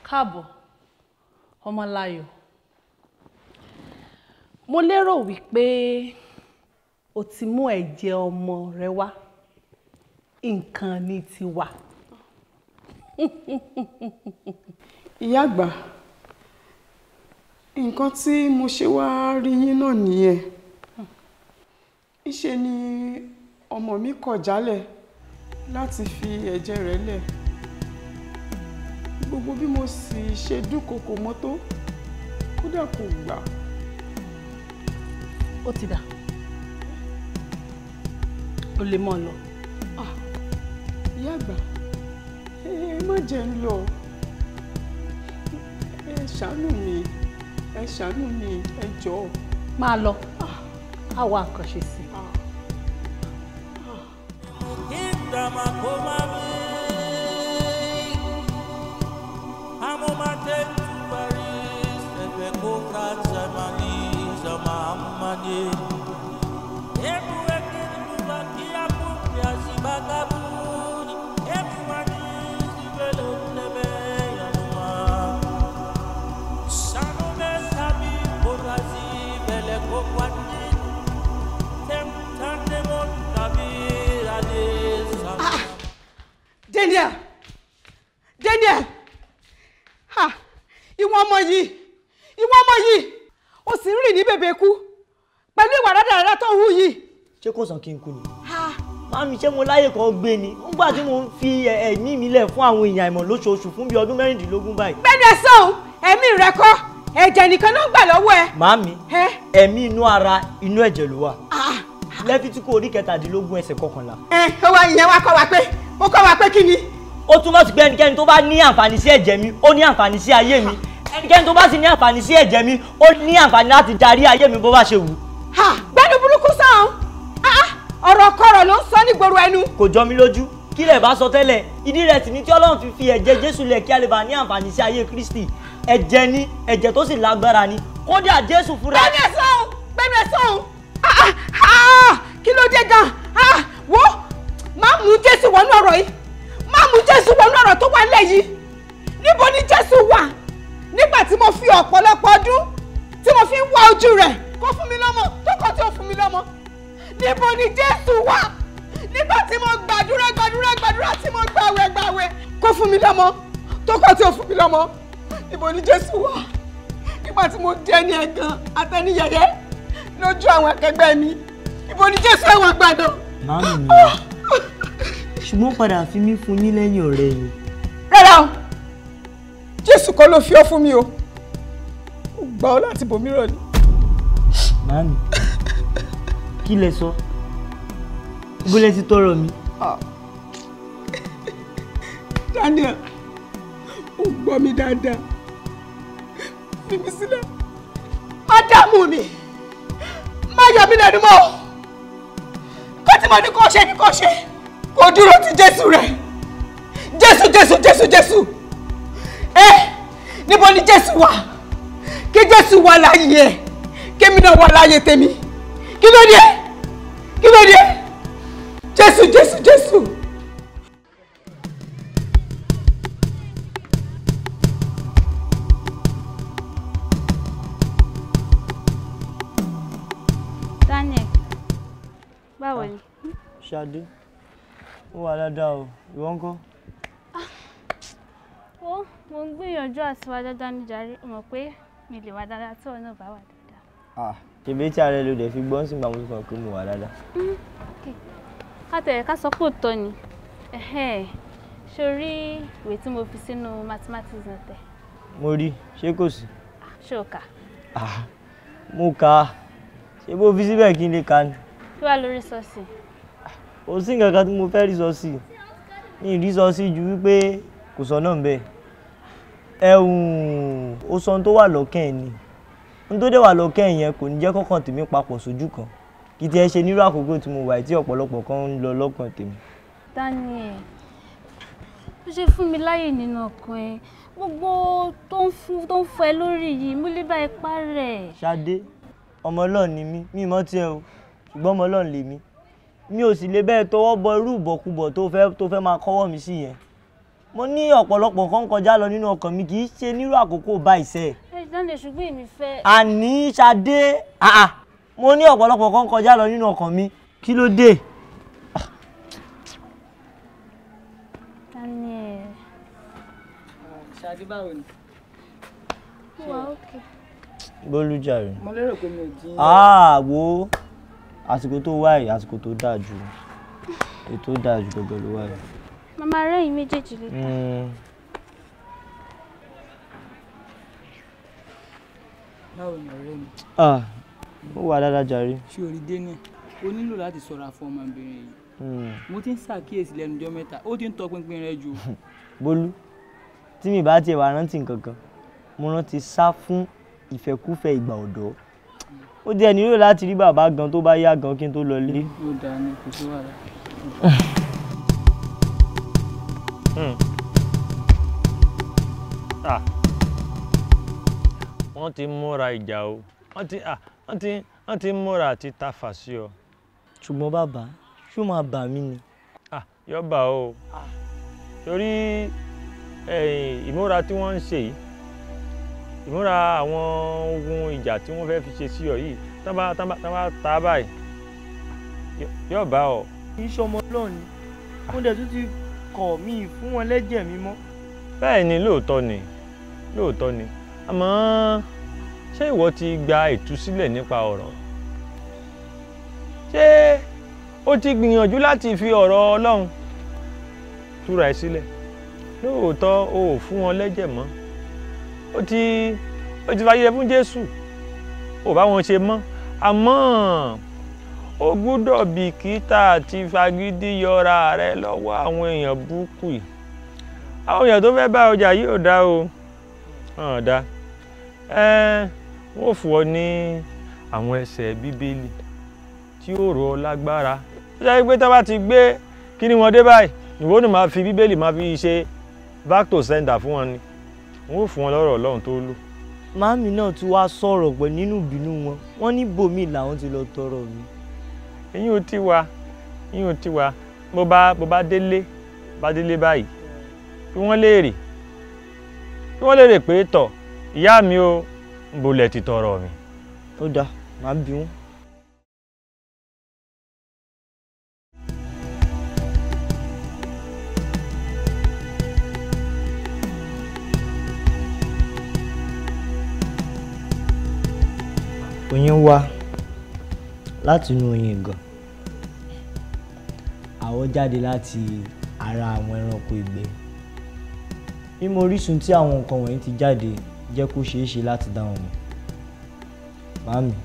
káàbọ̀ ọmọláyọ̀ mo lérò wípé o ti mú ẹ̀jẹ̀ ọmọ rẹ wá nǹkan ni ti wà. ìyá àgbà nǹkan tí mo ṣe wá rí yín náà nìyẹn ìṣe ni ọmọ mi kọ̀ jálẹ̀ láti fi ẹ̀jẹ̀ rẹ̀ lẹ̀ gbogbo bí mo sì ṣe dúnkokò mọ́ tó kódà kò gbà. ó ti dà ó lè mọ́ ọ lọ. Ah, ìyá àgbà ẹ má jẹ́ ń lọ ẹ ṣàánú mi ẹ ṣàánú mi ẹ jọ̀ọ́. máa lọ á ah, wá sí i. kí n dàmà Ah, Daniel yìí ìwọ ọmọ yìí o sì ń rìn ní bèbè ku pẹ̀lú ìwà rádaràdà tó ń hù yìí. ṣé kò sàn kí n kú ni. màmí ṣé mo láyè kan gbé ni nígbà tí mo fi ẹ̀mí mi lẹ̀ fún àwọn èèyàn àìmọ̀ lóṣooṣù fún bíi ọdún mẹ́rìndínlógún báyìí. bẹ́ẹ̀ sọ̀hún ẹ̀mí rẹ kọ́ ẹ̀jẹ̀ nìkan ló ń gbà lọ́wọ́ ẹ. màmí ẹ̀mí inú ara inú ẹ̀jẹ̀ ló wà ah! lẹ́fítíkù orí kẹtàdínlógún ẹsẹ̀ kọkànlá. ẹ ó wá ìyẹn wá kọ́ wa pé o kọ́ wa pé kí ni. ó túmọ̀ sí pé ẹnikẹ́ni tó bá ní àǹfààní sí ẹ̀jẹ̀ mi ó ní àǹfààní sí ayé ẹnikẹ́ni tó bá sì ní àǹfààní sí ẹ̀jẹ̀ mi ó ní àǹfààní láti darí ayé mi bó bá ṣe wù. gbẹ́nu burúkú sàn ah, ah! ọ̀rọ̀ kọ̀rọ̀ ló ń sọ nígboro ẹnu. kò jọ mi lójú kí lè bá sọ tẹ́lẹ̀ ìdí rẹ̀ sì ni tí ọlọ́run fi fi ẹ̀jẹ̀ jésù lẹ̀ kí a lè bá ní àǹfààní sí ayé kristi ẹ̀jẹ̀ ni ẹ̀jẹ̀ tó sì lágbára ni kódà jésù fúnra. gbẹ́nu ẹ̀ sọ́hun gbẹ́nu ẹ̀ sọ́hun ah, kí ló dé gan wo má mú jésù wọnú ọ̀rọ̀ yìí má mú jésù wọnú ọ̀rọ̀ tó wà lẹ́yìn níbo ni jésù wà nígbà tí mo fi ọ̀pọ̀lọpọ̀ ọdún tí mo fi ń wá ojú rẹ̀ kó fún mi lọ́mọ tó kọ́ tí ò fún mi lọ́mọ níbo ni Jésù wà nígbà tí mo gbàdúrà gbàdúrà gbàdúrà tí mo gbàwẹ̀ gbàwẹ̀ kó fún mi lọ́mọ tó kọ́ tí ò fún mi lọ́mọ níbo ni Jésù wà nígbà tí mo jẹ́ ní ẹ̀gàn àtẹniyẹyẹ lójú àwọn akẹgbẹ́ mi ìbò ní jésù ẹ̀wọ̀n àgbàdo. màámi mi ah! ṣùgbọ́n padà fi mí fún yín lẹ́yìn ọ̀rẹ́ yìí. rárá o jésù kọ́ ló fi ọ́ fún mi o mo gbà ọ́ láti bòmíràn ni. màámi kí lẹ sọ ibo ti tọrọ mi. Ah. daniel ó gbọ́ mi dáadáa fi mi sílẹ̀ má mi má yọ mí lẹ́nu mọ́ kó mo ní kó ṣe ní kó ṣe kó dúró ti jésù rẹ̀ jésù jésù jésù jésù ẹ eh, níbo ni jésù wà kí jésù wà láàyè ẹ kémi náà wà láàyè tèmi kí ló dé kí ló dé jésù jésù jésù. Daniel báwo ni. Ah, ṣáde ó wà dáadáa o ìwọ ń kọ́ ó mo ń gbìyànjú àti wá dáadáa níjàre mọ̀ pé mi lè wá dáadáa tí ọ̀nà bá wà dáadáa. ah ṣèbí tí ara ẹ ló dẹ̀ fi gbọ́n sí gbàmù kan pé mo wà dáadáa. Hmm, ká tẹ̀lé ká sọ pé òótọ́ ni sórí ìwé tí mo fi sínú mathematics náà tẹ̀. mo rí ṣé kò sí. ṣé o kà. mo kà á ṣé bó fi síbẹ̀ kí n lè kà ni. kí wàá lórí sọ́ọ̀sì. kò sí nǹkan kan tí mo fẹ́ rí sọ́ọ̀sì mi rí sọ́ọ̀sì ju wípé kò sọ náà bẹ́ẹ̀ ẹ̀hún ó sọ ohun tó wà lọ́kàn ẹ̀ ni ohun tó dẹ̀ wà lọ́kàn ẹ̀ yẹn kò ní jẹ́ kọ́kàn tèmi papọ̀ sójú kan kì í tiẹ̀ ṣe nírú àkókò tí mo wà tí ọ̀pọ̀lọpọ̀ kan ń lọ lọ́kàn tèmi. Daniel ó ṣe fún mi láyè nínú ọkàn ẹ gbogbo tó ń fọ ẹ lórí yìí mo lè bá ẹ parẹ́. Ṣadé ọmọ Ọlọ́run ni mí mi mọ́ tiẹ̀ o ṣùgbọ́n ọmọ Ọlọ́run lèmi mi ò sì lè bẹ́ẹ̀ tọwọ́ bọ irú ìbọ̀kúbọ̀ tó fẹ́ máa kọ́wọ́ mi sí yẹn mo ní ọ̀pọ̀lọpọ̀ nǹkan kọjá lọ nínú ọkàn mi kì í ṣe nírú àkókò báyìí sẹ́. ẹ jáde ṣùgbọ́n èmi fẹ́. àní ṣadé ah, ah. mo ní ọ̀pọ̀lọpọ̀ nǹkan kọjá lọ nínú ọkàn mi kí ló dé. ṣadé báwo ni. wà á òkè. bólújàre. mo lérò pé mi ò àwo ah, àsìkò tó wáyé àsìkò tó dáa jù ètò dáa jù gbogbo ló wáyé màmá rẹ yìí méjèèjì lè ta. báwo ni ọ̀rẹ́ mi. Ah, ó wà dáadáa jàre. ṣé orí dé náà o nílò láti ṣọ́ra fún ọmọbìnrin yìí hmm. mo ti ń ṣàkíyèsí lẹ́nu ọjọ́ mẹ́ta ó ti ń tọpinpin rẹ jù. bólú tí mi bá tiẹ̀ wá rántí nǹkan kan mo rántí sá fún ìfẹ́kúfẹ́ ìgbà ọ̀dọ́ ó jẹ́ nílò láti rí bàbá gan tó bá yá gan kí n tó lọ lé. ó dáa ní kò sí wàhálà. Hmm. Ah. wọ́n ti múra ìjà o wọ́n ti ah, wọ́n ti wọ́n ti múra àti tafà sí ọ. ṣùgbọ́n bàbá ṣó máa bà mí ni. Ah, yọ bà o torí ìmúra tí wọ́n ń ṣe yìí ìmúra àwọn ogun ìjà tí wọ́n fẹ́ fi ṣe sí ọ yìí tán bá tán bá tán bá ta báyìí yọ bà ọ. kì í ṣọmọ Ọlọ́run ni mo dẹ̀ tún ti ọkọ mi fún wọn lẹ́jẹ̀ mi mọ́. bẹ́ẹ̀ ni lóòótọ́ ni lóòótọ́ ni àmọ́ ṣé ìwọ ti gba ìtúsílẹ̀ nípa ọ̀rọ̀ ṣé ó ti gbìyànjú láti fi ọ̀rọ̀ Ọlọ́run túra ẹ sílẹ̀ lóòótọ́ o ò fún wọn lẹ́jẹ̀ mọ́ ó ti ó ti fàyè fún Jésù ò bá wọn ṣe mọ́ àmọ́ o gbúdọ̀ bìkítà àti fagídí yọra rẹ lọ́wọ́ àwọn èèyàn búkù yìí àwọn èèyàn tó fẹ́ bá ọjà yìí ò dá o hàn dá ẹ wọ́n fún ọ ní àwọn ẹsẹ̀ bíbélì tí ó rọ lágbára ó jẹ́ pé tó bá ti gbé kí ni wọ́n dé báyìí ìwọ ni màá fi bíbélì màá fi ṣe back to center fún wọn ni wọ́n fún wọn lọ́rọ̀ ọlọ́run tó lò màámi náà ti wá sọ̀rọ̀ pẹ̀ nínú ìbínú wọn wọ́n ní bòmíì làwọn ti lọ tọrọ mi ẹ̀yin ò tí wa ẹ̀yin ò tí wa mo bá mo bá délé bá délé báyìí kí wọ́n léèrè kí wọ́n léèrè pé tọ̀ ìyá mi ò ń bolẹ̀ ti tọrọ mi. ó dáa màá bí wọn. oyin wá láti inú oyin gan àwọ̀ jáde láti ara àwọn ẹranko ìgbẹ́ mímọ̀ orísun tí àwọn nǹkan wọ̀nyí ti jáde jẹ́ kó ṣeé ṣe láti dá wọn mọ̀ màámi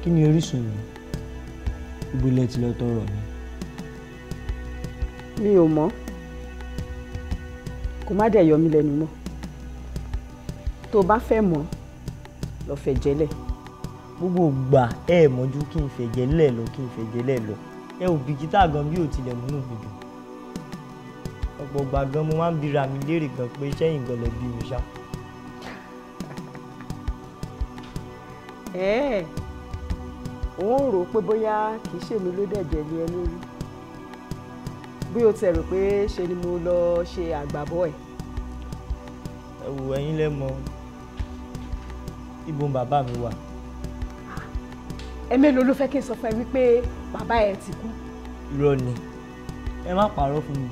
kí ni orísun mi ibo lẹ ti lọ tọrọ mi. mi ò mọ̀ kó má dẹ̀ yọ mí lẹ́nu mọ́ tó bá fẹ́ mọ̀ lọ fẹ̀jẹ̀ lẹ̀. gbogbo ìgbà ẹ mọ̀jú kí n fẹ̀jẹ̀ lẹ̀ lọ kí n fẹ̀jẹ̀ lẹ̀ lọ ẹ ò bìkítà gan bí ò tilẹ̀ múnú mi dùn ọ̀pọ̀ ìgbà gan mo máa ń bira mi léèrè gan pé sẹ́yìn gan lẹ bí mi ṣá. ẹ̀ẹ́ òun rò ó pé bóyá kì í ṣèmi ló dẹ̀jẹ̀ lé ẹ lórí bí o tẹ̀ rò pé ṣe ni mo lọ ṣe àgbàbọ̀ ẹ̀. ẹ wò ẹ̀yin lẹ mọ̀ ibo bàbá mi wà ẹ̀mélòó ló fẹ́ kí n sọ fún ẹ wípé bàbá ẹ ti kú. irọ́ ni ẹ má pààrọ̀ fún mi.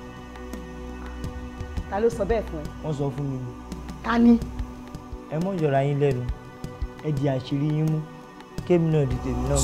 ta ló sọ bẹ́ẹ̀ fún ẹ. wọ́n sọ fún mi ni. ta ni. ẹ mọ̀ yọ̀ra yín lẹ́nu ẹ di àṣírí yín mú kébì náà di tèmi náà.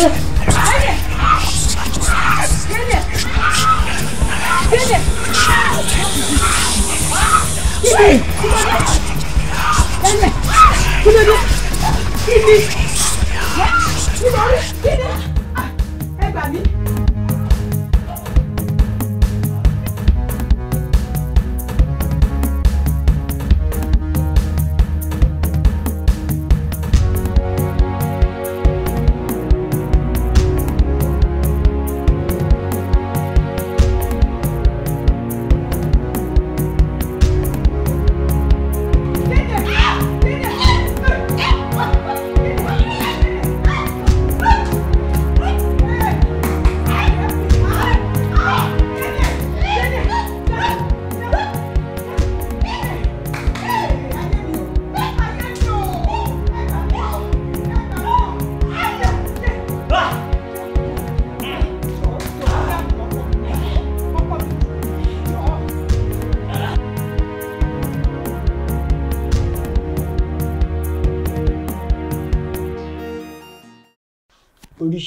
Huh? 哎，快点！来，你，快点，弟弟。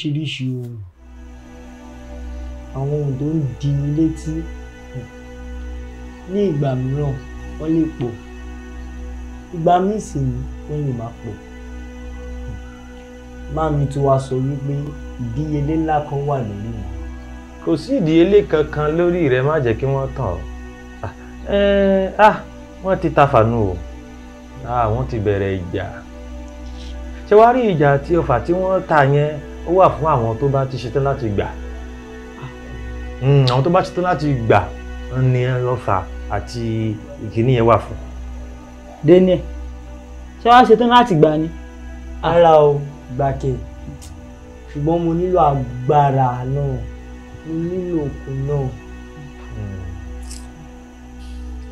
oríṣiríṣi ohun àwọn ohun tó ń dini létí ní ìgbà mìíràn wọ́n lè pọ̀ ìgbà míì sì ni wọ́n lè má pọ̀ máàmí tí wàá sọ wípé ìdíyelé ńlá kan wà lórí mi. kò sí ìdíyelé kankan lórí rẹ má jẹ́ kí wọ́n tàn ọ́ ah wọ́n ti ta fàánù o ah wọ́n ti bẹ̀rẹ̀ ìjà ṣé wàá rí ìjà àti ọfà tí wọ́n ta yẹn ó wà fún àwọn tó bá ti ṣetán láti gbà hmm, àwọn tó bá ṣetán láti gbà ni ọfà àti ìkíní yẹn wà fún. Daniel ṣé wàá ṣetán láti gbà ni. ara o gbàkẹ́ ṣùgbọ́n mo nílò agbára náà mo nílò okun náà. Hmm.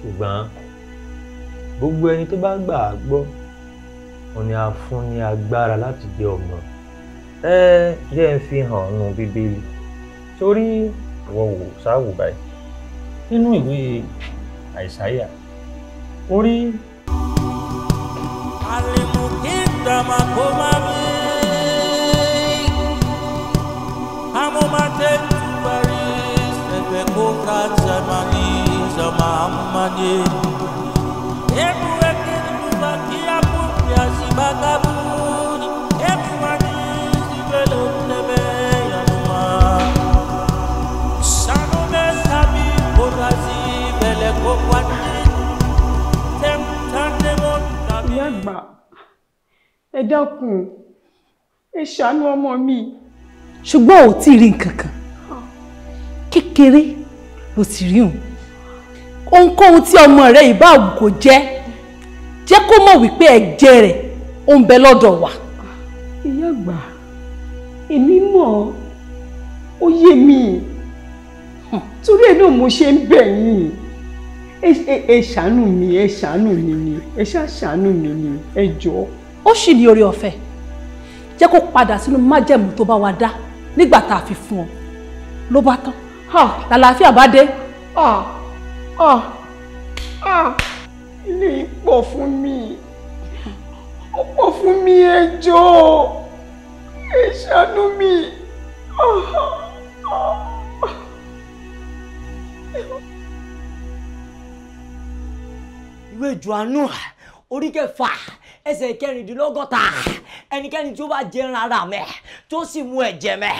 ṣùgbọ́n gbogbo ẹni tó bá gbà á gbọ́ wọn ni a fún ní agbára láti jẹ ọmọ ẹ jẹ́ ń fi hàn nù bíbélì torí ìwọ wò sáwò báyìí nínú ìwé àìsáyà orí. àlèmùkí dàmà kó má bí amúmátẹ́ tùbárí ṣẹ̀fẹ̀ kó ká sàmánì sàmánì. àgbà ẹ dákun ẹ ṣàánú ọmọ mi. ṣùgbọ́n ò tí ì rí nǹkan kan kékeré ló sì rí òun ohunkóhun tí ọmọ rẹ ìbá òun kò jẹ jẹ kó mọ̀ wípé ẹ̀jẹ̀ rẹ̀ ó ń bẹ lọ́dọ̀ wa. ìyá àgbà èmi mọ̀ ó yé mi hmm. torí ẹ̀ náà mo ṣe ń bẹ̀ yín ẹ ṣàánú mi ẹ ṣàánú mi ni ẹ ṣá ṣàánú mi ni ẹ jọ. ó ṣì ní orí ọ̀fẹ́ jẹ́ kó padà sínú májẹ̀mú tó bá wa dá nígbà tá a fi fún ọ ló bá tán làlàáfíà bá dé. ilé ipò fún mi ó pọ̀ fún mi ẹ jọ ẹ ṣàánú mi. Oh. ìwé Jòhánù orí kẹfà ẹsẹ̀ kẹrìndínlọ́gọ́ta ẹnikẹ́ni tí ó bá jẹran ara mẹ́ tó sì mu ẹ̀jẹ̀ mẹ́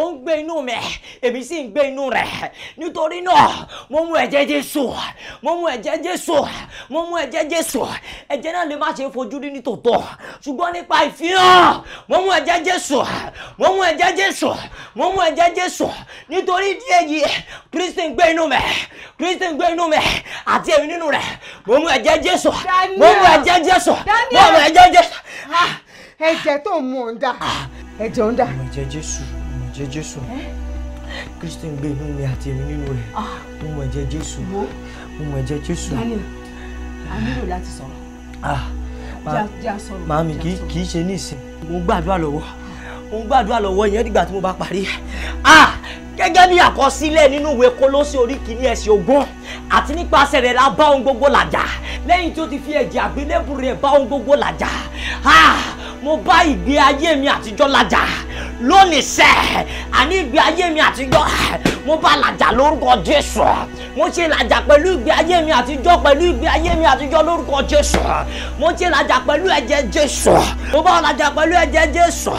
ó ń gbé inú mẹ́ èmi sì ń gbé inú rẹ̀ nítorí náà mo mu ẹ̀jẹ̀ Jésù mo mu ẹ̀jẹ̀ Jésù mo mu ẹ̀jẹ̀ Jésù ẹ̀jẹ̀ náà lè má ṣe fojú rí ní tòótọ́ ṣùgbọ́n nípa ìfihàn mo mu ẹ̀jẹ̀ Jésù mo mu ẹ̀jẹ̀ Jésù mo mu ẹ̀jẹ̀ Jésù nítorí ìdí èyí Kristi ń gbé inú mẹ́ Kristi ń gbé inú mẹ́ àti èmi nínú rẹ̀ mo mu ẹ̀jẹ̀ Jésù mo mu ẹ̀jẹ̀ Jésù mo lọ ẹ̀jẹ̀ ẹ̀jẹ̀. Ah, ẹ̀jẹ̀ tó ah. ń mu ọ̀ǹda ẹ̀jẹ̀ ọ̀ǹda. ọmọ ẹ̀jẹ̀ jésù ọmọ ẹ̀jẹ̀ jésù kristi ń gbé inú mi àti èmi nínú rẹ̀ ah. ọmọ ẹ̀jẹ̀ jésù ọmọ ẹ̀jẹ̀ jésù. daniel a nílò láti sọ̀rọ̀. màámi kì í ṣe ní ìsìn mo gbàdúrà lọ́wọ́ mo ń gbàdúrà lọ́wọ́ ìyẹn dìgbà tí mo bá parí ah, gẹ́gẹ́ bí àkọsílẹ̀ nínú ìwé Kólósì orí kìíní ẹsẹ̀ ogún àti nípasẹ̀ rẹ̀ la bá ohun gbogbo làjà lẹ́yìn tí ó ti fi ẹ̀jẹ̀ àgbélébùú rẹ̀ bá ohun gbogbo làjà ah, mo bá ìgbé ayé mi àtijọ́ làjà lónìí sẹ́ àní ìgbé ayé mi àtijọ́ ah, mo bá làjà lórúkọ Jésù mo ṣe làjà pẹ̀lú ìgbé ayé mi àtijọ́ pẹ̀lú ìgbé ayé mi àtijọ́ lórúkọ Jésù mo ṣe làjà pẹ̀lú ẹ̀jẹ̀ Jésù mo bá làjà pẹ̀lú ẹ̀jẹ̀ Jésù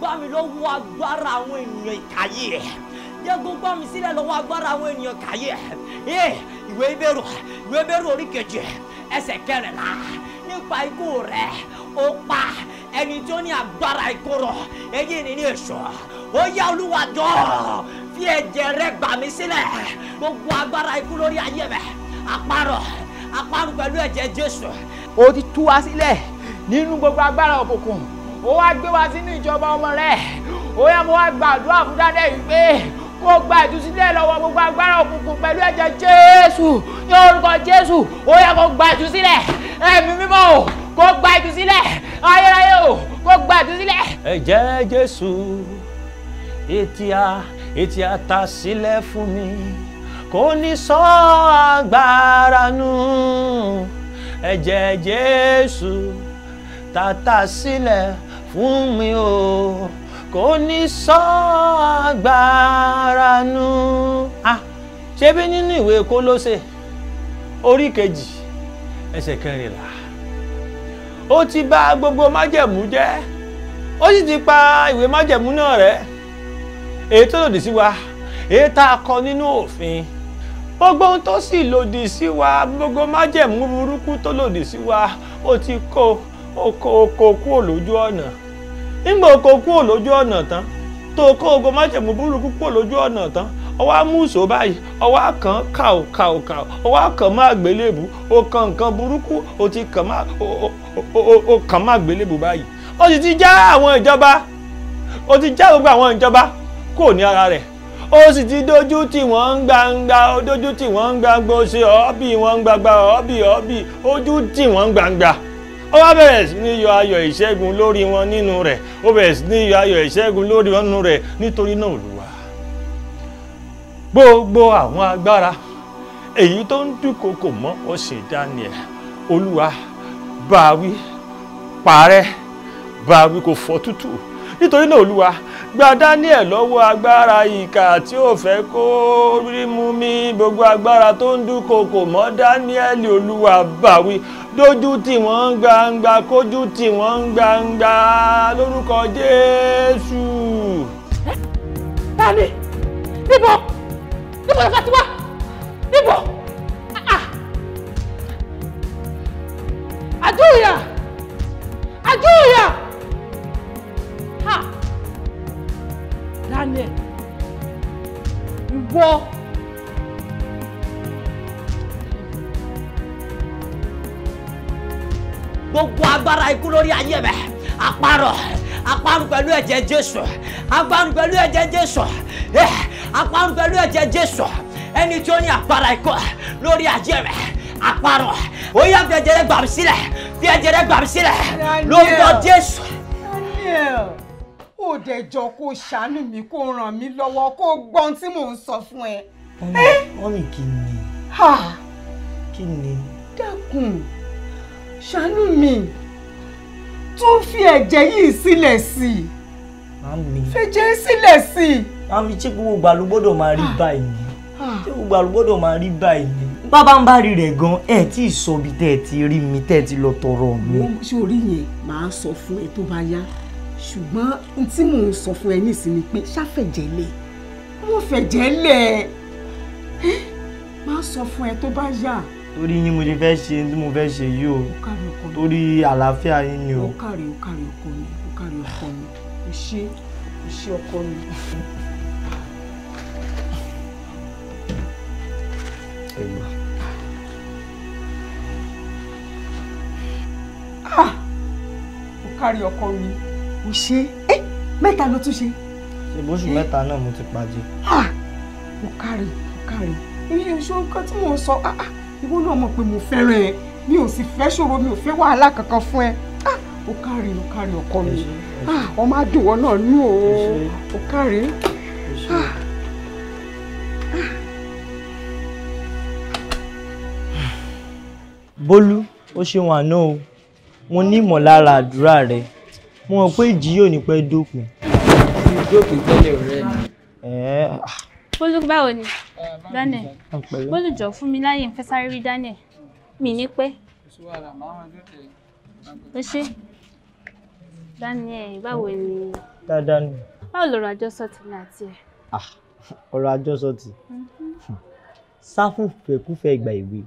gbá mi lọ́wọ́ agbára àwọn ènìyàn ìkàyè ẹ̀ jẹ́ kó gbá mi sílẹ̀ lọ́wọ́ agbára àwọn ènìyàn ìkàyè ẹ̀ ìwé ìbẹ̀rù ìwé ìbẹ̀rù orí keje ẹsẹ̀ kẹrìnlá nípa ikú rẹ̀ ó pa ẹni tó ní agbára ikú rọ̀ ni ní èso ó yá olúwa jọ fi ẹ̀jẹ̀ rẹ̀ gbà mí sílẹ̀ gbogbo agbára ikú lórí ayé mi àparọ̀ àparọ̀ pẹ̀lú ẹ̀jẹ̀ Jésù. ó ti tú wa sílẹ̀ nínú gbogbo agbára òkùnkùn ó wá gbé wa sínú ìjọba ọmọ rẹ̀ ó yá mo wá gbàdúrà fún dáadáa yìí pé kó gba ìtúsílẹ̀ lọ́wọ́ gbogbo agbára òkùnkùn pẹ̀lú ẹ̀jẹ̀ jésù ní orúkọ jésù ó yá kó gba ìtúsílẹ̀ ẹ̀mí mímọ́ o kó gba ìtúsílẹ̀ ayérayé o kó gba ìtúsílẹ̀. ẹ̀jẹ̀ jésù ètìyà ètìyà ta sílẹ̀ fún mi kò ní sọ agbára nù ẹ̀jẹ̀ jésù tàtà sílẹ̀ fún mi. fún mi o kò ní sọ agbára nu. Ah, ṣebí nínú ìwé Kólósè orí kejì ẹsẹ̀ kẹrìnlá ó ti ba gbogbo májẹ̀mú jẹ́ ó sì ti pa ìwé májẹ̀mú náà rẹ̀. èyí tó lòdì sí wa èyí tá a kọ nínú òfin gbogbo ohun tó sì lòdì sí wa gbogbo májẹ̀mú burúkú tó lòdì sí wa ó ti kó o oko oko kúrò lójú ọ̀nà nígbà oko kúrò lójú ọ̀nà tán tó kó ogo májèmú burúkú kúrò lójú ọ̀nà tán ọwọ́ amúso báyìí ọwọ́ kàn kàó kàó kàó ọwọ́ kàn má gbélébù o nǹkan burúkú o ti kàn má o kàn má gbélébù báyìí o sì ti já àwọn ìjọba o ti já gbogbo àwọn ìjọba kúrò ní ara rẹ̀ ó sì ti dojú tì wọ́n ń gbangba ó dojú tì wọ́n ń gbangba o ṣe ọ́ bí wọ́n ń gbangba ọ́ bí ọ́ bí ojú tì wọ́n ń gbangba ó wá bẹ̀rẹ̀ sí ní yọ ayọ̀ ìṣẹ́gun lórí wọn nínú rẹ̀ ó bẹ̀rẹ̀ sí ní yọ ayọ̀ ìṣẹ́gun lórí wọn nínú rẹ̀ nítorí náà Olúwa gbogbo àwọn agbára èyí tó ń dúnkokò mọ́ ọ̀sẹ̀ Daniel Olúwa bá wí parẹ́ bá wí kò fọ́ tútù nítorí náà Olúwa gba Daniel lọ́wọ́ agbára ìkà tí ó fẹ́ kó rí mú mi gbogbo agbára tó ń dúnkokò mọ́ Daniel olúwa báwí dójú tì wọ́n gbangba kójú tì wọ́n gbangba lórúkọ Jésù. Dani níbo níbo ló fẹ́ ti wá níbo ah, ah. àdúrà àdúrà ha. Daniel ìwọ. gbogbo agbára ikú lórí ayé mi àparọ̀ àparun pẹ̀lú ẹ̀jẹ̀ Jésù àparun pẹ̀lú ẹ̀jẹ̀ Jésù àparun pẹ̀lú ẹ̀jẹ̀ Jésù ẹni tí ó ní àparà ikú lórí ayé mi àparọ̀ ó yá fi ẹ̀jẹ̀ rẹ̀ gbà mí sílẹ̀ fi ẹ̀jẹ̀ rẹ̀ gbà mí sílẹ̀ Daniel ó dẹjọ kó ṣàánú mi kó ràn mí lọ́wọ́ kó gbọ́ ohun tí mò ń sọ fún ẹ. mọ́mì kí ni kí ni. dákun ṣàánú mi tún fi ẹ̀jẹ̀ yìí sílẹ̀ sí i fẹ̀jẹ̀ sílẹ̀ sí i. mami tí gbogbo gbàlúgbòdò máa rí báyìí tí gbogbo àlùgbọ́dọ̀ máa rí báyìí. bàbá ń bá rí rẹ̀ gan ẹ tí ì sọ ti rí mi tẹ́ ti lọ tọrọ mi. ṣé orí yẹn màá sọ fún ẹ tó bá yá ṣùgbọ́n n tí mò ń sọ fún ẹ nísìnyí pé ṣàfẹ̀jẹ̀lẹ̀ mo fẹ̀jẹ̀lẹ̀ máa sọ fún ẹ tó bá yà. torí yín mo ti fẹ́ ṣe tí mo fẹ́ ṣe yìí o torí àlàáfíà yín ni o. ó kárí ó kárí ọkọ mi ó kárí ọkọ mi ó ṣe ó ṣe ọkọ mi. Ah! ó kárí ọkọ mi mo ṣe é mẹ́ta ló tún ṣe. ṣe bóṣù mẹ́ta náà mo ti pàdé. mo káre mo káre iye iṣu nǹkan tí mò ń sọ ah, ah, ìwọ náà mọ̀ pé mo fẹ́ràn ẹ mi ò sì fẹ́ ṣòro mi ò fẹ́ wàhálà kankan fún ẹ ó ah, káre ó káre ọkọ mi ọmọ àdùnwọ̀ náà nú o ó káre. bólú ó ṣe wàánú o mo ní ìmọ̀lára àdúrà rẹ mo mọ̀ pé ìjì yóò ní pẹ́ dópin. ìjì dópin tẹ́lẹ̀ ọ̀rẹ́ mi. Ah. Bólú báwo ni? Daniel, Bólú jọ fún mi láyè ń fẹ́ sáré rí Daniel. Mi ní pẹ́. Ó ṣe. Daniel, báwo ni? Dáadáa ni. Báwo lọ̀rọ̀ àjọsọ ti ní àti ẹ̀? Ah, ọ̀rọ̀ àjọsọ ti. Mm-hmm. Sáfù fẹ̀kúfẹ̀ ìgbà ìwé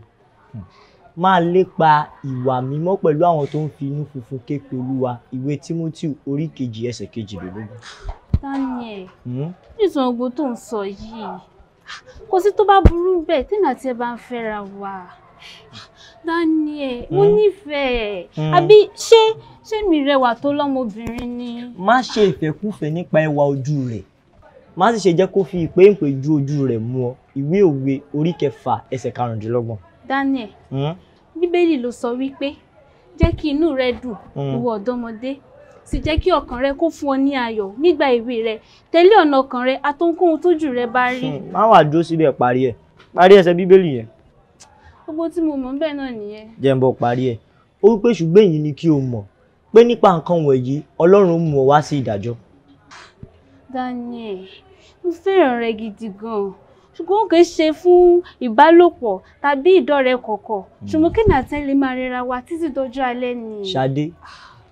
máa lépa ìwà mímọ́ pẹ̀lú àwọn tó ń fi inú funfun képe olúwa ìwé timothy orí kejì ẹsẹ̀ kejìlélógún. daniel nítorí hmm? ogun tó ń sọ yìí kò sí tó bá burú bẹ́ẹ̀ tèmi àti ẹ bá ń fẹ́ra wa daniel mo hmm? nífẹ̀ẹ́ hmm. àbí ṣé ṣé mi rẹwà tó lọ́mọbìnrin ni. má ṣe ìfẹ́kúfẹ̀ẹ́ nípa ẹwà ojú rẹ̀ má sì ṣe jẹ́ kó fi ìpéǹpé ju ojú rẹ̀ mú ọ ìwé òwe orí kẹfà ẹsẹ̀ karùndínlọ́gbọ̀n. Daniel hmm? bíbélì ló sọ wípé jẹ́ kí inú rẹ dùn hmm. ìwọ ọ̀dọ́mọdé sì jẹ́ kí ọkàn rẹ kó fún ọ ní ayọ̀ nígbà ìwé rẹ tẹ̀lé ọ̀nà ọkàn rẹ àtohunkóhun tójú rẹ bá rí. Hmm. má wàá dúró síbẹ̀ parí ẹ̀ parí ẹsẹ̀ bíbélì yẹn. gbogbo tí mo mọ̀ ń bẹ̀ náà nìyẹn. jẹ́ ń bọ̀ parí ẹ̀ ó wípé ṣùgbọ́n èyí ni kí o mọ̀ pé nípa nǹkan wọ̀nyí ọlọ́run mú ọ wá sí ìdájọ́. Daniel mo fẹ́ràn rẹ gidi gan-an ṣùgbọ́n kì í ṣe fún ìbálòpọ̀ tàbí ìdọ́rẹ̀ kọ̀kọ̀ hmm. ṣùgbọ́n kí ni àtẹ́lẹ̀ máa rẹra wa títí dọjọ́ alẹ́ ni. ṣadé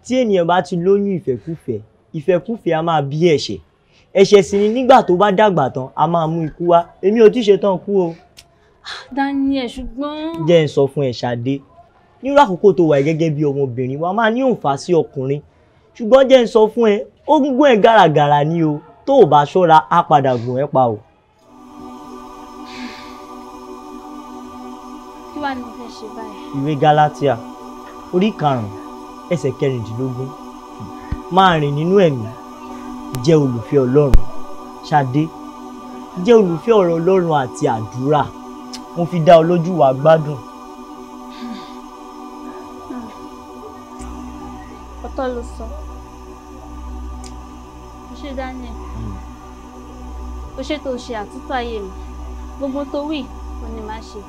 tí ènìyàn bá ti lóyún ìfẹ́kúfẹ́ ìfẹ́kúfẹ́ a máa bí ẹ̀ṣẹ̀ ẹ̀ṣẹ̀ sì ni nígbà tó bá dàgbà tán a máa mú ikú wá èmi ò tí ì kú o. Daniel ṣùgbọ́n. jẹ́ ń sọ fún ẹ ṣadé nírú àkókò tó wà gẹ́gẹ́ bí ọmọbìnrin wa máa ní òǹfà sí ọkùnrin ṣùgbọ́n jẹ́ ń sọ fún ẹ ó gúngún gàràgàrà ni o tó o bá ṣọ́ra á padà gùn ẹ́ pa o. wà ní mo fẹ́ ṣe báyìí. ìwé Gálátíà orí karùn-ún ẹsẹ̀ kẹrìndínlógún máa rìn nínú ẹ̀mí jẹ́ olùfẹ́ Ọlọ́run Ṣadé jẹ́ olùfẹ́ ọ̀rọ̀ Ọlọ́run àti àdúrà mo fi dá ọ lójú wàá gbádùn. ọ̀tọ̀ ló sọ ó ṣe Daniel ó hmm. ṣe ṣe àtúntò ayé mi gbogbo tó wí òun ni màá ṣe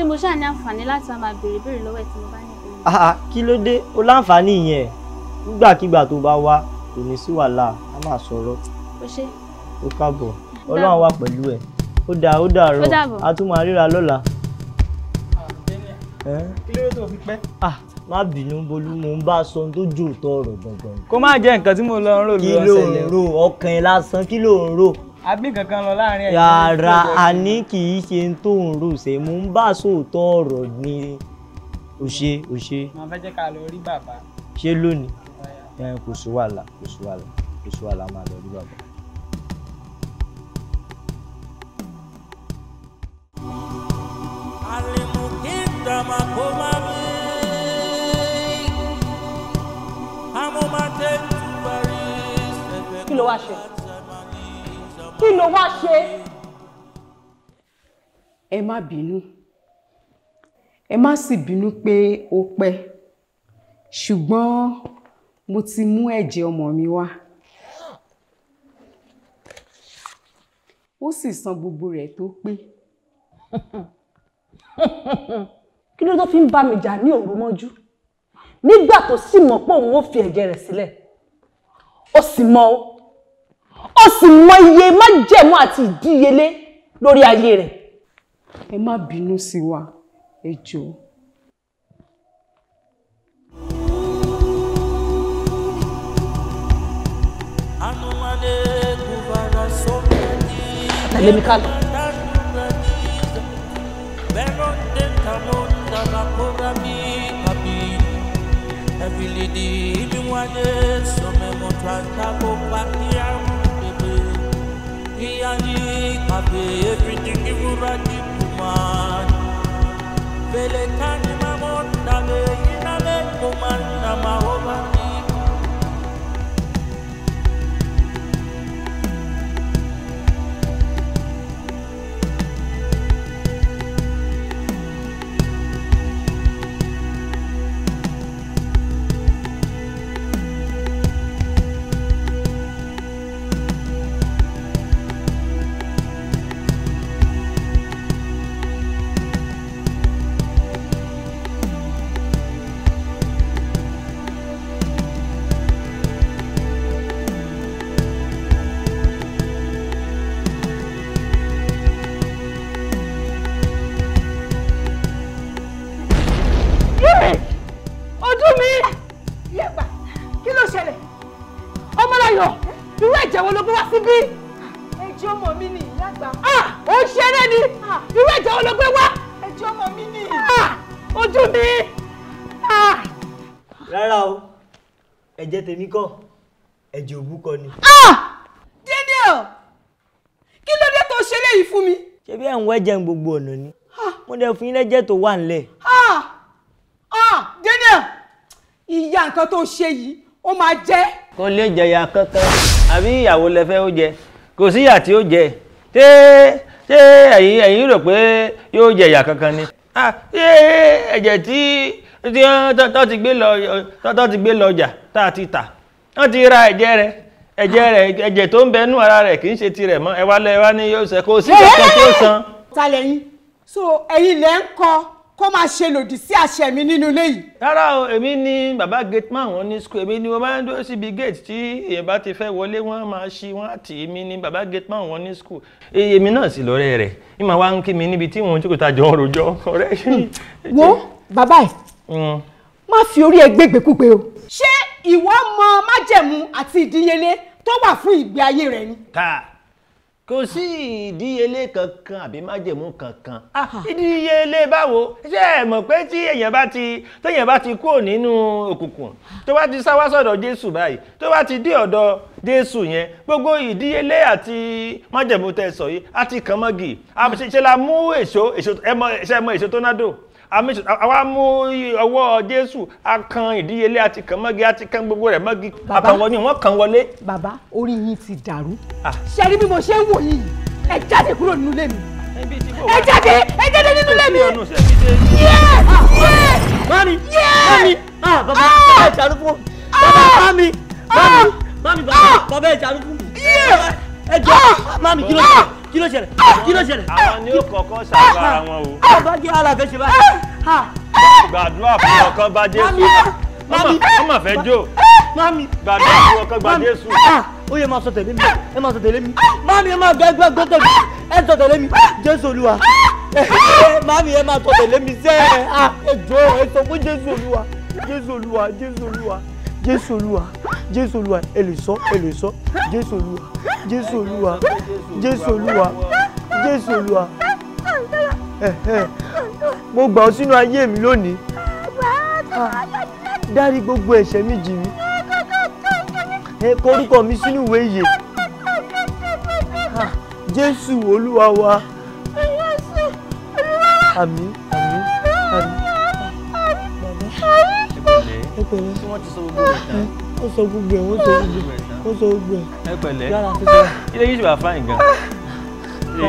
ṣé mo ṣáà ní àǹfààní láti máa béèrè béèrè lọ́wọ́ ẹ̀ tí mo bá ní ìpinnu. Ah, ah, kí ló dé o láǹfààní yẹn nígbàkigbà tó bá wá kò ní sí wàhálà a máa sọ̀rọ̀. o ṣe. o káàbọ̀ ọlọ́run wà pẹ̀lú ẹ̀ ó dáa ó dàárọ̀ a tún máa ríra lọ́la. Ah, kí ló dé tó fi pẹ́ má bínú bolú mo ń bá aṣọ tó jò tọrọ gbọngàn. kó má jẹ́ nǹkan tí mo lọ ń rò ló ń kí ló ń rò ọkàn lásán kí ló ń rò àbí kankan lọ láàrin ẹ̀yìn. yàrá àní kì í ṣe tó ń rò ṣe mò ń bá sòótọ́ ọ̀rọ̀ ni ò ṣe ò ṣe. mo fẹ́ jẹ́ ká lọ rí bàbá. ṣé lónìí kò sí wàhálà kò sí wàhálà kò sí wàhálà máa lọ rí bàbá. Kí ló wá ṣe? kí ló wá ṣe. ẹ má bínú ẹ má sì bínú pé ó pẹ́ ṣùgbọ́n mo ti mú ẹ̀jẹ̀ ọmọ mi wá ó sì san gbogbo rẹ̀ tó pé. kí ló tó fi ń bá mi jà ní òru mọ́jú nígbà tó sì mọ̀ pé òun ó fi ẹ̀jẹ̀ rẹ̀ sílẹ̀ ó sì mọ̀ ọ́ ó sì mọ iye májẹ̀mú àti ìdíyelé lórí ayé rẹ̀. ẹ má bínú sí wa ẹ jọ̀ọ́. tẹ̀lé i happy everything you would run the woman. Veletani Mamon, Nabe, Nabe, Namahoma. ẹ̀jẹ̀ tèmi kọ́ ẹ̀jẹ̀ òbúkọ ni. Ah! Daniel kí ló dé tó ṣe léyìí fún mi. ṣé bí ẹ̀ ń wẹ́jẹ̀ ń gbogbo ọ̀nà ni ah! mo dẹ̀ fún yín lẹ́jẹ̀ tó wà ńlẹ̀. Ah! Daniel ìyá nǹkan tó ṣe yìí ó máa jẹ́. kò lè jẹyà kankan àbí ìyàwó lẹ fẹ́ ó jẹ kò síyà tí ó jẹ ṣé ṣé ẹ̀yin rò pé yóò jẹyà kankan ni ẹ̀jẹ̀ tí tó ti gbé lọ ọjà tá a ti tà wọ́n ti ra ẹ̀jẹ̀ rẹ̀ ẹ̀jẹ̀ rẹ̀ ẹ̀jẹ̀ tó ń bẹnú ara rẹ̀ kì í ṣe tirẹ̀ mọ́ ẹ̀wá lẹ́wà ni yóò ṣe kó sí ìjọba tó san. ta lẹ́yìn so ẹ̀yin lẹ́ ń kọ́ kó máa ṣe lòdì sí àṣẹ mi nínú ilé yìí. rárá o èmi ni bàbá gateman wọn ní school èmi ni mo máa ń dúró síbi gate tí èèyàn bá ti fẹ́ wọlé wọn máa ṣí wọn àti èmi ni bàbá gateman wọn ní school èmi náà sì lọ́rẹ́ rẹ̀ ní màá wá ń kí mi níbi tí wọn jókòó tajọ òròjọ ọ̀rẹ́. Hmm. wo bàbá ẹ hmm. má fi orí ẹ gbégbé kúgbe o. ṣé ìwọ mọ májẹ̀mú àti ìdíyelé tó wà fún ìgbé ayé rẹ ni. káà kò sí ìdíyelé kankan àbí májèmú kankan ah, ìdíyelé báwo ṣé ẹ mọ̀ pé tí èèyàn bá ti téèyàn bá ti kúrò nínú òkùnkùn tó bá ti sáwá sọ̀dọ̀ jésù báyìí tó bá ti dé ọ̀dọ̀ jésù yẹn gbogbo ìdíyelé àti májèmú tẹ́ sọ yìí á ti kàn mọ́gì la mú èso èso ẹ mọ̀ èso tónádò àwa mú ọwọ́ jésù a kan ìdíyelé àti kan mọ́gi àti kan gbogbo rẹ̀ mọ́gi àtàwọn ni wọ́n kàn wọlé. bàbá orí yín ti dàrú ah. ṣe rí bí mo ṣe ń wò yìí ẹ jáde kúrò nínú ilé mi ẹ jáde ẹ jáde nínú ilé mi. Ah. mami mami ah. bàbá bàbá ẹ jàrú fún bàbá mami mami bàbá bàbá ẹ jàrú fún ẹ jọ mami kí ló dé kí ló ṣẹlẹ̀ ah! kí ló ṣẹlẹ̀. àwọn ni ó kọ́kọ́ ṣàgbára ah! wọn o. Ah! bàbá jẹ́ alàfẹ́ ṣe báyìí. gbàdúrà fún ọkàn bá jésù. ọmọ fẹ́ jó. gbàdúrà fún ọkàn bá jésù. ó yẹ máa sọ tẹ̀lé mi ẹ máa sọ tẹ̀lé mi mami ẹ máa gbẹ gbẹ gbẹ tẹ̀lé ẹ sọ tẹ̀lé mi jésù olúwa eh, eh, mami ẹ máa sọ tẹ̀lé mi sẹ́ẹ̀ ẹ jọ ẹ sọ fún jésù olúwa jésù olúwa jésù olúwa jésù olúwa jésù olúwa ẹ lè sọ ẹ lè sọ jésù olúwa jésù olúwa jésù olúwa jésù olúwa mo gbà ọ sínú ayé mi lónìí ah, dárí gbogbo ẹ̀ṣẹ̀ mi jì mí ẹ kọ orúkọ mi sínú ìwé ìyè ah, jésù olúwa wa àmín àmín àmín. eu pẹ̀lẹ́. tí wọ́n ti sọ gbogbo rẹ̀ tán. wọ́n sọ gbogbo ẹ̀ wọ́n sọ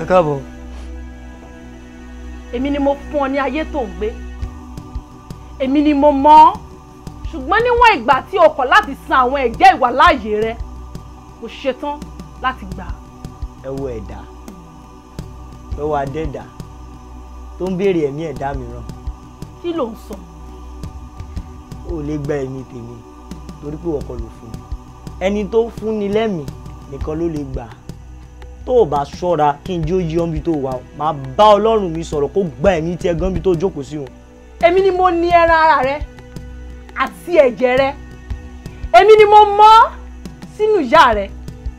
Acabou. èmi ni mo fún ọ ní ayé tó ń gbé èmi ni mo mọ ọ ṣùgbọ́n níwọ̀n ìgbà tí o kọ̀ láti san àwọn ẹ̀jẹ́ ìwà láàyè rẹ kò ṣetán láti gbà. ẹ wo ẹ̀dá lọ́wọ́ adẹ́dà tó ń béèrè ẹ̀mí ẹ̀dá mìíràn. kí ló ń sọ. o lè gba ẹ̀mí tèmi torí pé wọ́n kọ́ ló fún mi ẹni tó fún ni lẹ́mìí nìkan ló lè gbà á tó o bá ṣọ́ra kí n jẹ́ ó yí ọ́n bí tó wà ó máa bá ọlọ́run mi sọ̀rọ̀ kó gba ẹ̀mí tiẹ̀ gan bí tó jókòó sí wọn. èmi ni mo ní ẹran ara rẹ àti ẹ̀jẹ̀ rẹ èmi ni mo mọ́ sínú ìyá rẹ.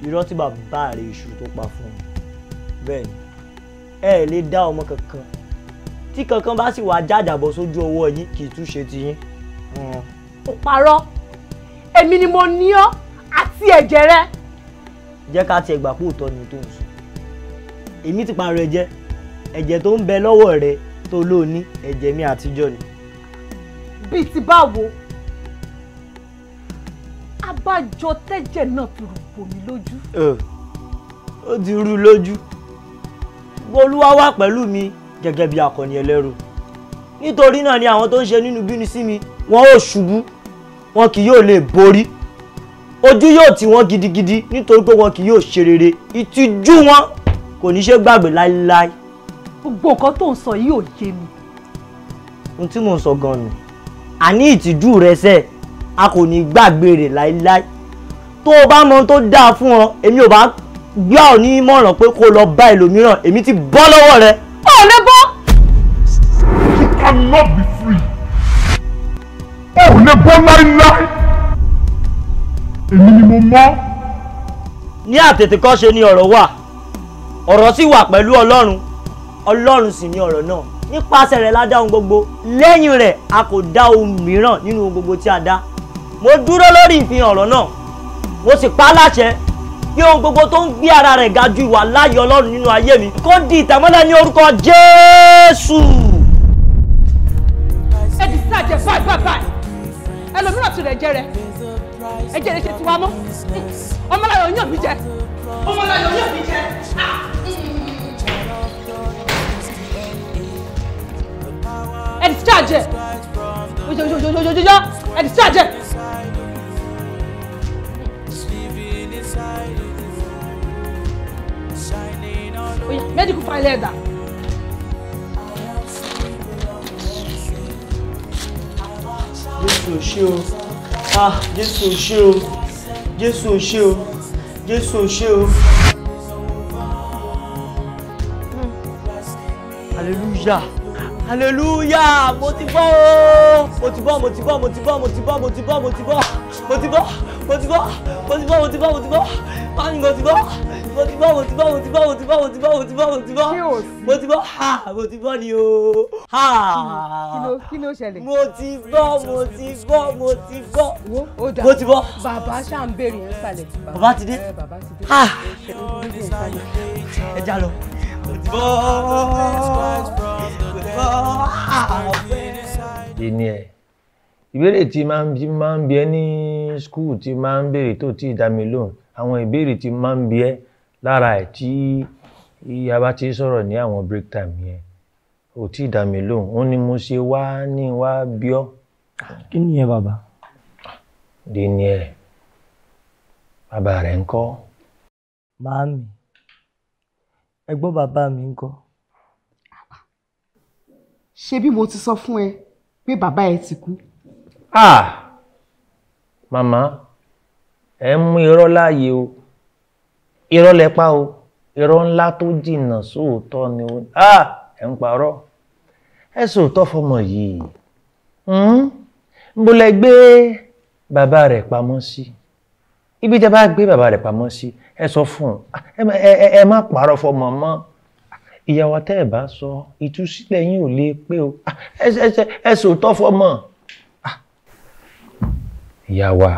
irọ́ tí bàbá rẹ̀ èṣù tó pa fún un bẹ́ẹ̀ ni ẹ lè dá ọmọ kankan tí kankan bá sì wá jàjàbọ̀ sójú ọwọ́ yín kì í tún ṣe tiyín. ó parọ́ èmi ni mo ní ọ́ àti ẹ̀jẹ̀ rẹ. jẹ́ ká tiẹ̀ gbà pé òótọ́ ni tó ń sọ èmi ti parun ẹ̀jẹ̀ ẹ̀jẹ̀ tó ń bẹ lọ́wọ́ rẹ tó ló ní ẹ̀jẹ̀ mi àtijọ́ ni. bíi ti báwo abájọ tẹ́jẹ̀ náà fi rúbò mí lójú. ó ti rú lójú olúwa wà pẹ̀lú mi gẹ́gẹ́ bí akọni ẹlẹ́rù nítorí náà ni àwọn tó ń ṣe nínú bínú sí mi wọn ò ṣubú wọn kì yóò lè borí ojú yóò tì wọ́n gidigidi nítorí pé wọn kì yóò ṣe rere ìtìjú wọn kò ní ṣe gbàgbé láéláé. gbogbo nǹkan tó ń sọ yìí ò yé mi. ohun tí mò ń sọ gan-an ni àní ìtìjú rẹ sẹ́ẹ̀ a kò ní gbàgbé rẹ̀ láéláé tó o bá mọ ohun tó dáa fún ọ èmi ò bá gbá ọ ní ìmọ̀ràn pé kó o lọ bá ẹlòmíràn èmi ti bọ́ lọ́wọ́ rẹ. ó lè bọ́. you cannot be free. ó lè bọ́ láéláé. èmi ni mo mọ̀. ní àtètèkọ́ṣe ni ọ̀rọ̀ wà ọ̀rọ̀ sì wà pẹ̀lú ọlọ́run ọlọ́run sì ni ọ̀rọ̀ náà nípasẹ̀ rẹ̀ la dá ohun gbogbo lẹ́yìn rẹ̀ a kò dá ohun mìíràn nínú ohun gbogbo tí a dá mo dúró lórí ìfihàn ọ̀rọ̀ náà mo sì pa á láṣẹ kí ohun gbogbo tó ń gbé ara rẹ̀ ga ju ìwà láàyè ọlọ́run nínú ayé mi kó di ìtàmọ́lẹ̀ ní orúkọ jésù. ẹ sí àjẹ báyìí báyìí báyìí ẹlòmíràn ti rẹ̀ jẹ rẹ̀ ẹ̀jẹ̀ ṣe tiwa mọ́ ọmọláyọ̀ yàn mí jẹ ọmọláyọ̀ yàn mí jẹ. Ah! ẹ discharge ẹ ojojojojojojo ẹ discharge ẹ. oya medical file ẹ̀ dà. jésù ṣé o ah jésù ṣé Jesus, jésù Jesus, o jésù ṣé hallelujah hallelujah mo ti bọ́ o mo ti bọ́ mo ti bọ́ mo ti bọ́ mo ti bọ́ mo ti bọ́ mo ti bọ́ mo ti bọ́ mo ti bọ́ mo ti bọ́ mo ti bọ́ mo ti bọ́ mami mo ti bọ́ mo ti bọ́ mo ti bọ́ mo ti bọ́ mo ti bọ́ mo ti bọ́ mo ti bọ́ mo ti bọ́ mo ti bọ́ ha mo ti bọ́ ni o ha kí ló ṣẹlẹ̀ mo ti bọ́ mo ti bọ́ mo ti bọ́ mo ti bọ́. bàbá ṣàǹbẹ̀rẹ̀ ń sàlẹ̀. bàbá ti dé ha ẹ já lọ ìní ẹ ìbéèrè tí máa ń máa ń bí ẹ ní skul tí máa ń béèrè tó ti dá mi lóhùn àwọn ìbéèrè tí máa ń bí ẹ lára ẹ tí a bá ti sọ̀rọ̀ ní àwọn break time yẹn ò tí dá mi lóhùn ó ní mo ṣe wá ní wá bí ọ. kí ni ẹ bàbá. dènìẹ bàbá rẹ ń kọ́. màámi ẹ̀gbọ́n bàbá mi ń kọ́. ṣé bí mo ti sọ fún ẹ pé bàbá ẹ ti kú. ah màmá ẹ ń mú irọ́ láàyè o irọ́ lẹ pa o irọ́ ńlá tó jìnnà sóòótọ́ ni o ah ẹ ń parọ́ ẹ sòótọ́ fọmọ yìí mo hmm? lẹ gbé bàbá rẹ̀ pamọ́ sí ibi tẹ́ bá gbé bàbá rẹ̀ pamọ́ sí ẹ sọ fún un ẹ má pààrọ̀ fọmọ mọ́ ìyàwó tẹ́ ẹ bá sọ ìtúsílẹ̀ yín ò lè pé o ẹ sòótọ́ fọmọ. ìyá wa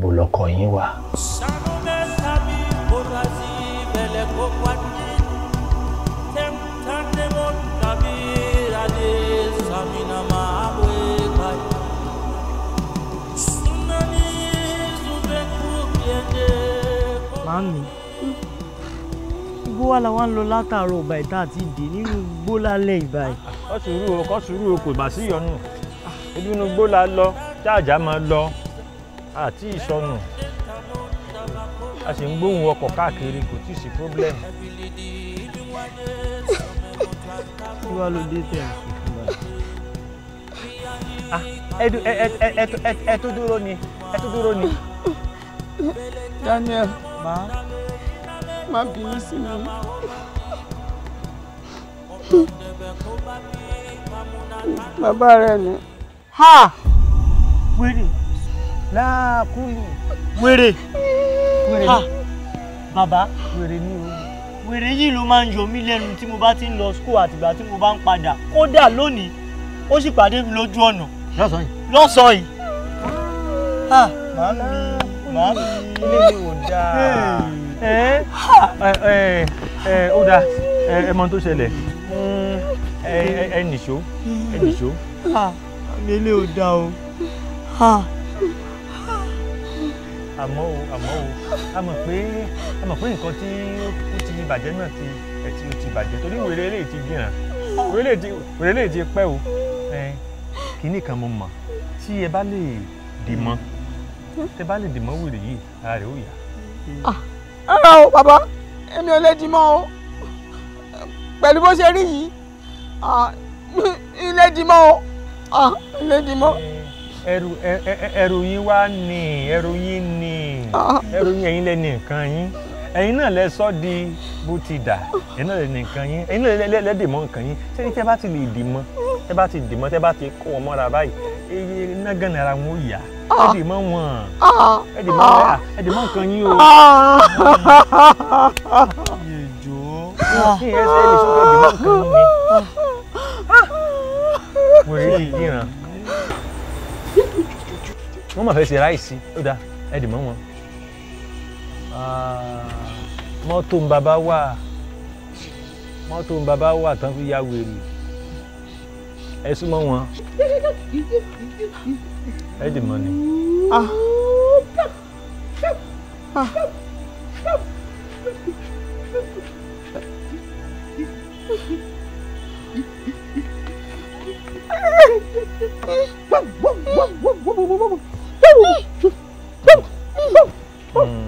bò lọkọ yín wà. gbogbo wa la wá ń lọ látàárọ̀ ọba ìta àti ìdè nínú igbó lálẹ́ ìbáyìí. kọ́ sùúrù o kọ́ o kò bá sí ìyọnu ojú lọ táàjà máa lọ àti ìsọnù a sì ń gbóhùn ọkọ̀ káàkiri kò tí ì sí kí wàá ló dé tẹ̀ ah, ẹ tó dúró ni ẹ má bínú sí mi. bàbá rẹ ni. ha wèrè láàkúlù wèrè ha bàbá wèrè ni o wèrè yìí ló máa ń yọ mí lẹ́nu tí mo bá ti ń lọ school àtìgbà tí mo bá ń padà kódà lónìí ó sì pàdé mi lójú ọ̀nà lọ́sàn yìí lọ́sàn yìí ha màámi màámi ilé mi ò dáa eh ẹ eh ó dáa ẹ mọ sele eh eh ẹ nìṣó eh nìṣó. mi ilé ò dáa o àmọ́ o àmọ́ o a mọ̀ pé a mọ̀ pé nǹkan tí ó ti bàjẹ́ náà ti ẹ̀ ti ó ti bàjẹ́ torí wèrè eléyìí ti gbìyàn wèrè eléyìí ti pẹ́ o kínní kan mo mọ̀ tí ẹ e bá lè dìmọ́ hmm. tẹ bá lè dìmọ́ wèrè yìí ara rẹ̀ ó yá rárá o bàbá èmi ò lè dì mọ́ o pẹ̀lú bó ṣe rí yìí ilé dì mọ́ o ilé dì mọ́. ẹrù ẹrù yín wá ní ẹrù yín ní ẹrù yín ẹ̀yin lẹ ní nǹkan yín ẹ̀yin náà lẹ sọ di bó ti dà ẹ̀yin náà lẹ ní yín ẹ̀yin náà lẹ lẹ dì yín ṣé ní tẹ́ bá ti lè dì tẹ́ bá ti dì tẹ́ bá ti kó wọn mọ́ra báyìí eye nágan náírà wọn ò yá ah. ẹ dì mọ wọn ah. ẹ dì mọ wọn ah. ẹ dì mọ nǹkan yín o. yèjò kí ẹ ṣe lè sọ pé ẹ dì mọ nǹkan mi. wèrè lè díran wọ́n máa fẹ́ ṣe ráìsì ó dáa ẹ dì wọn. mọ́tò ń bàbá wà mọ́tò ń bàbá wà tán fi ya wèrè ẹ súnmọ́ wọn ẹ dì mọ́ ni. Mm.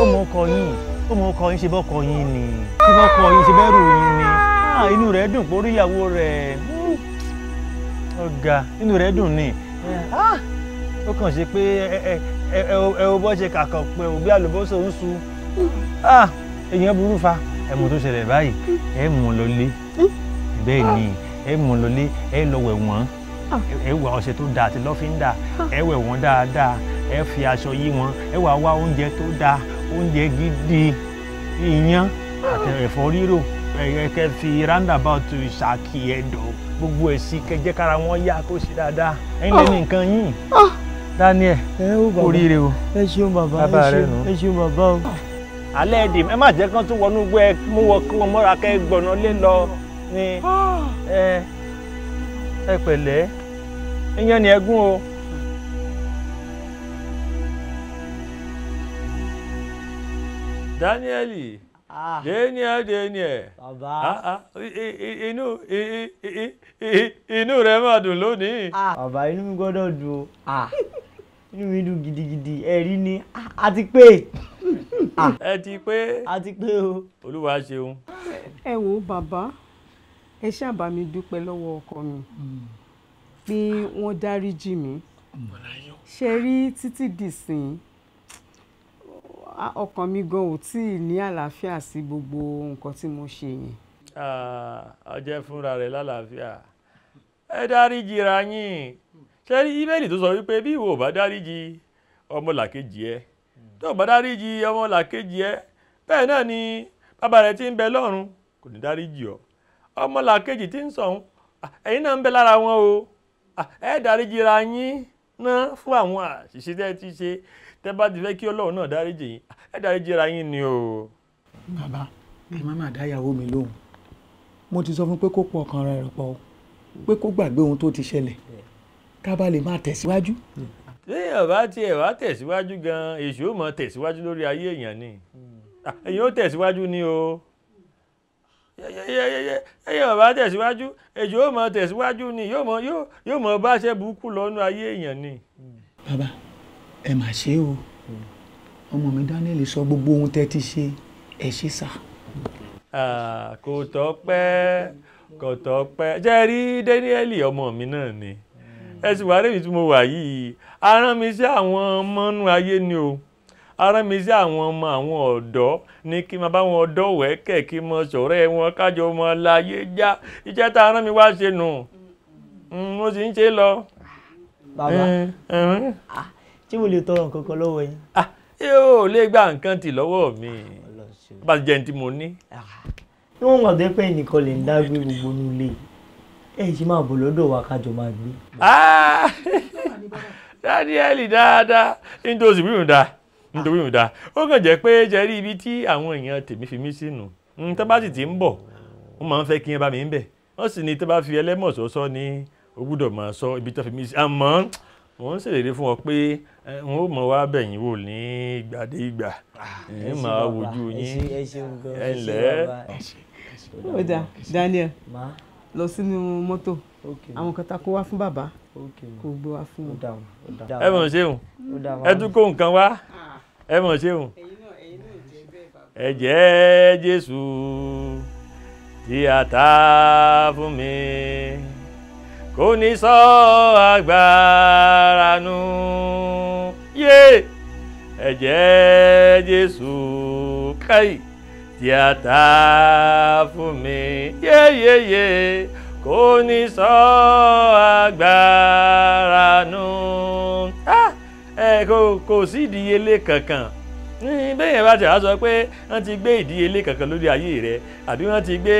ó mọ ọkọ yín ó mọ ọkọ yín ṣe bọ́ ọkọ yín ni ṣe bọ́ ọkọ yín ṣe bẹ́rù yín ni ah, inú rẹ̀ dùn pórí ìyàwó rẹ̀ ọ̀gá inú rẹ̀ dùn ni ah, ó kàn ṣe pé ẹ ò bọ́ ṣe kàkàn pé òbí àlùbọ́sọ̀ ń su ah, èèyàn burú fa ẹ̀mú tó ṣẹlẹ̀ báyìí ẹ̀ mú lọlé bẹ́ẹ̀ ni ẹ̀ mú lọlé ẹ̀ lọ wẹ̀ wọ́n ẹ wà ọṣẹ tó dáa àti lọ́fíńdà ẹ wẹ̀ wọ́n dáadáa ẹ fi aṣọ yí wọn ẹ wà wá oúnjẹ tó dáa oúnjẹ gidi bíi iyán àti ẹ̀fọ́ rírò ẹ̀kẹ́ fi roundabout ṣàkì ẹ̀dọ̀ gbogbo ẹ̀sìn kẹjẹ́ kára wọn yá kó ṣe dáadáa ẹ̀yin lè ní nǹkan yín ah. Daniel oríire o ẹ ṣeun bàbá ẹ ṣeun bàbá o. alẹ́ èdè ẹ má jẹ́ kán tún wọnú gbọ́ ẹ mú wọ kí wọ́n mọ́ra kẹ́ gbọ̀nà lé lọ ni ah. ẹ pẹ̀lẹ́ ìyẹn ni ẹ gún o. Ah. Daniel Daniel Daniel ah, ah. inú inú rẹ máa dùn lónìí. bàbá inú mi gbọ́dọ̀ dùn o inú mi dùn gidigidi ẹ̀rí ni a ti pé. ẹ ti pé. a ti pé o. olúwa ṣeun. ẹ wo bàbá ẹ ṣàbà mi dúpẹ́ lọ́wọ́ ọkọ mi hmm. pé wọ́n dáríjì mi hmm. ṣe rí títí dìsìn ọkàn mi gan ò tí ì ní àlàáfíà sí gbogbo nǹkan tí mo ṣe yẹn. ọjọ́ fúnra rẹ̀ lálàáfíà ẹ dáríjì ra yín ṣe rí íbẹ́ẹ̀lì tó sọ wípé bí ìwọ ò bá dáríjì ọmọlàkejì ẹ tó bá dáríjì ọmọlàkejì ẹ bẹ́ẹ̀ náà ni bàbá rẹ̀ ti ń bẹ lọ́run kò ní dáríjì ọ ọmọlàkejì ti ń sọ̀hún ẹ̀yin náà ń bẹ lára wọn o ẹ dáríjì ra yín náà fún àwọn àṣìṣe tẹ́ ti ṣe tẹ́ bá ti fẹ́ kí Ọlọ́run náà dáríjì yín ẹ dáríjì ra yín ni o. bàbá ẹ má má dá ìyàwó mi lóhùn mo ti sọ fún pé kó pọ̀ ọkàn ara rẹ̀ pọ̀ pé kó gbàgbé ohun tó ti ṣẹlẹ̀ ká bá lè máa tẹ̀síwájú. téèyàn bá tiẹ̀ wá tẹ̀síwájú gan-an èṣù ó mọ̀ tẹ̀síwájú lórí ayé èèyàn ni èèyàn ó tẹ̀síwájú ni o èèyàn bá tẹ̀síwájú èṣù ó mọ̀ tẹ̀síwájú ni yóò mọ̀ bá burúkú lọ́nu ayé èèyàn ni. bàbá ẹ mà ṣe o ọmọ mi Daniel sọ gbogbo ohun tẹ́ ti ṣe ẹ ṣe sà. kò tọ́pẹ́ kò tọ́pẹ́ jẹ́ rí Daniel ọmọ mi náà ni ẹ sì wá rèmi tí mo wà yìí arán mi sí àwọn ọmọnú ayé ni o arán mi sí àwọn ọmọ àwọn ọ̀dọ́ ní kí n máa bá wọn ọ̀dọ́ wẹ́kẹ̀ kí n mọ sọ̀rọ̀ ẹ wọn kájọ mọ láyé já iṣẹ́ tá arán mi wá ṣe nù mo sì ń ṣe lọ. bàbá tí mo lè tọrọ nǹkan kan lọ́wọ́ yín. ah yóò lè gba nǹkan tì lọ́wọ́ mi bá jẹ́ ní tí mo ní. tí ah, wọ́n gbà tó pé nìkan lè ń dá gbé gbogbo inú ilé ẹ ṣe máa bọ̀ lọ́dọ̀ wa kájọ máa gbé. Ah, dáníẹ́lì dáadáa nítorí òsì bímú dáa nítorí òsì dáa ó kàn jẹ́ pé jẹ́rí ibi tí àwọn èèyàn tèmi fi mí sínú tó bá sì ti ń bọ̀ wọ́n máa ń fẹ́ kí ẹ bá mi ń bẹ̀ wọ́n sì ní tó bá fi ẹlẹ́mọ̀ọ́sọ sọ ní ó máa sọ ibi tó fi mí sí àmọ́ mò ń ṣèlérí fún ọ pé n ó mọ wá bẹ̀yìn wò ní ìgbàdé ìgbà ah, ẹ máa wojú yín ẹ ǹlẹ́. ó dà Daniel lọ sínú mọ́tò àwọn kan ta kó wá fún bàbá kò gbé wá fún un. ẹ mọ̀ ṣeun ẹ tún kó nǹkan wá ah. ẹ mọ̀ ṣeun ẹ jẹ́ Jésù tí a ta fún mi kò ní sọ agbára nù yé ẹ̀jẹ̀ Jésù káyì tí a ta fún mi yéyéyé kò ní sọ agbára nù kò sí ìdíyelé kankan bẹ́ẹ̀ yẹn bá ti wá sọ pé wọ́n ti gbé ìdíyelé kankan lórí ayé rẹ àbí wọ́n ti gbé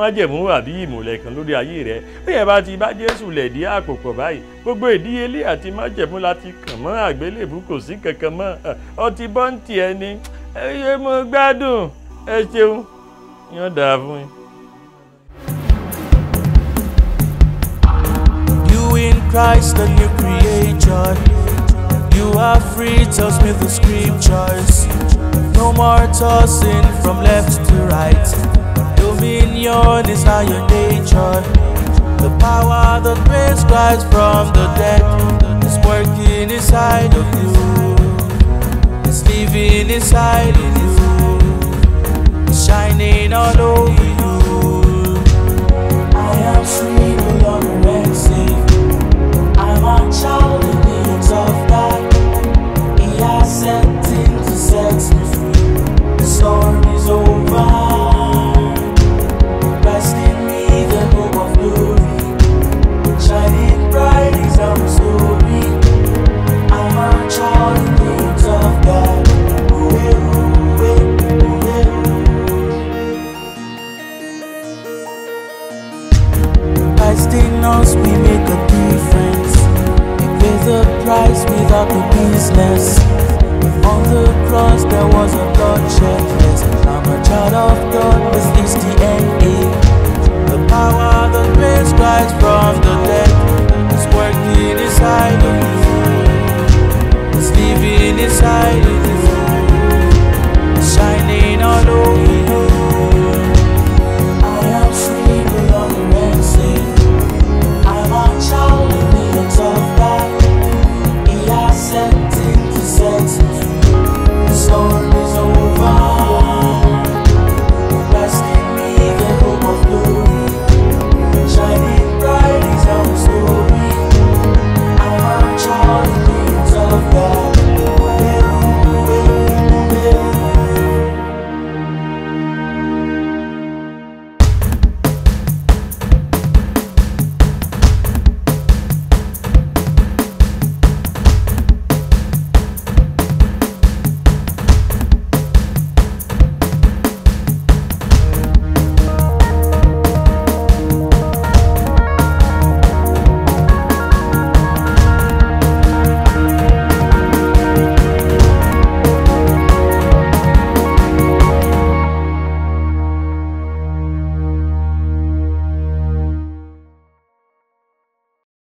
májẹ̀mú àbí ìmùlẹ̀ lórí ayé rẹ bí ẹ bá ti bá Jésù lẹ̀dí àpò báyìí gbogbo ìdíyelé àti májẹ̀mú láti kàn mọ́ àgbélébù kò sí kankan mọ́ ọtí bọ́ǹtì ẹni ẹ yé mo gbádùn ẹ ṣeun yóò dáa fún yín. You in Christ, the new creator. You are free, tells me the scriptures. No more tossing from left to right. union is your nature. The power that grace, Christ from the dead is working inside of you. It's living inside of you. It's shining all over you. I am free, no longer enslaved. I'm a child in the hands of God. He has sent him to set me free. The storm is over. Christ without the business. On the cross there was a blood shed. Yes, I'm a child of God. This is the end. The power that raised Christ from the dead is working inside of you. It's living inside of you. Shining all over you.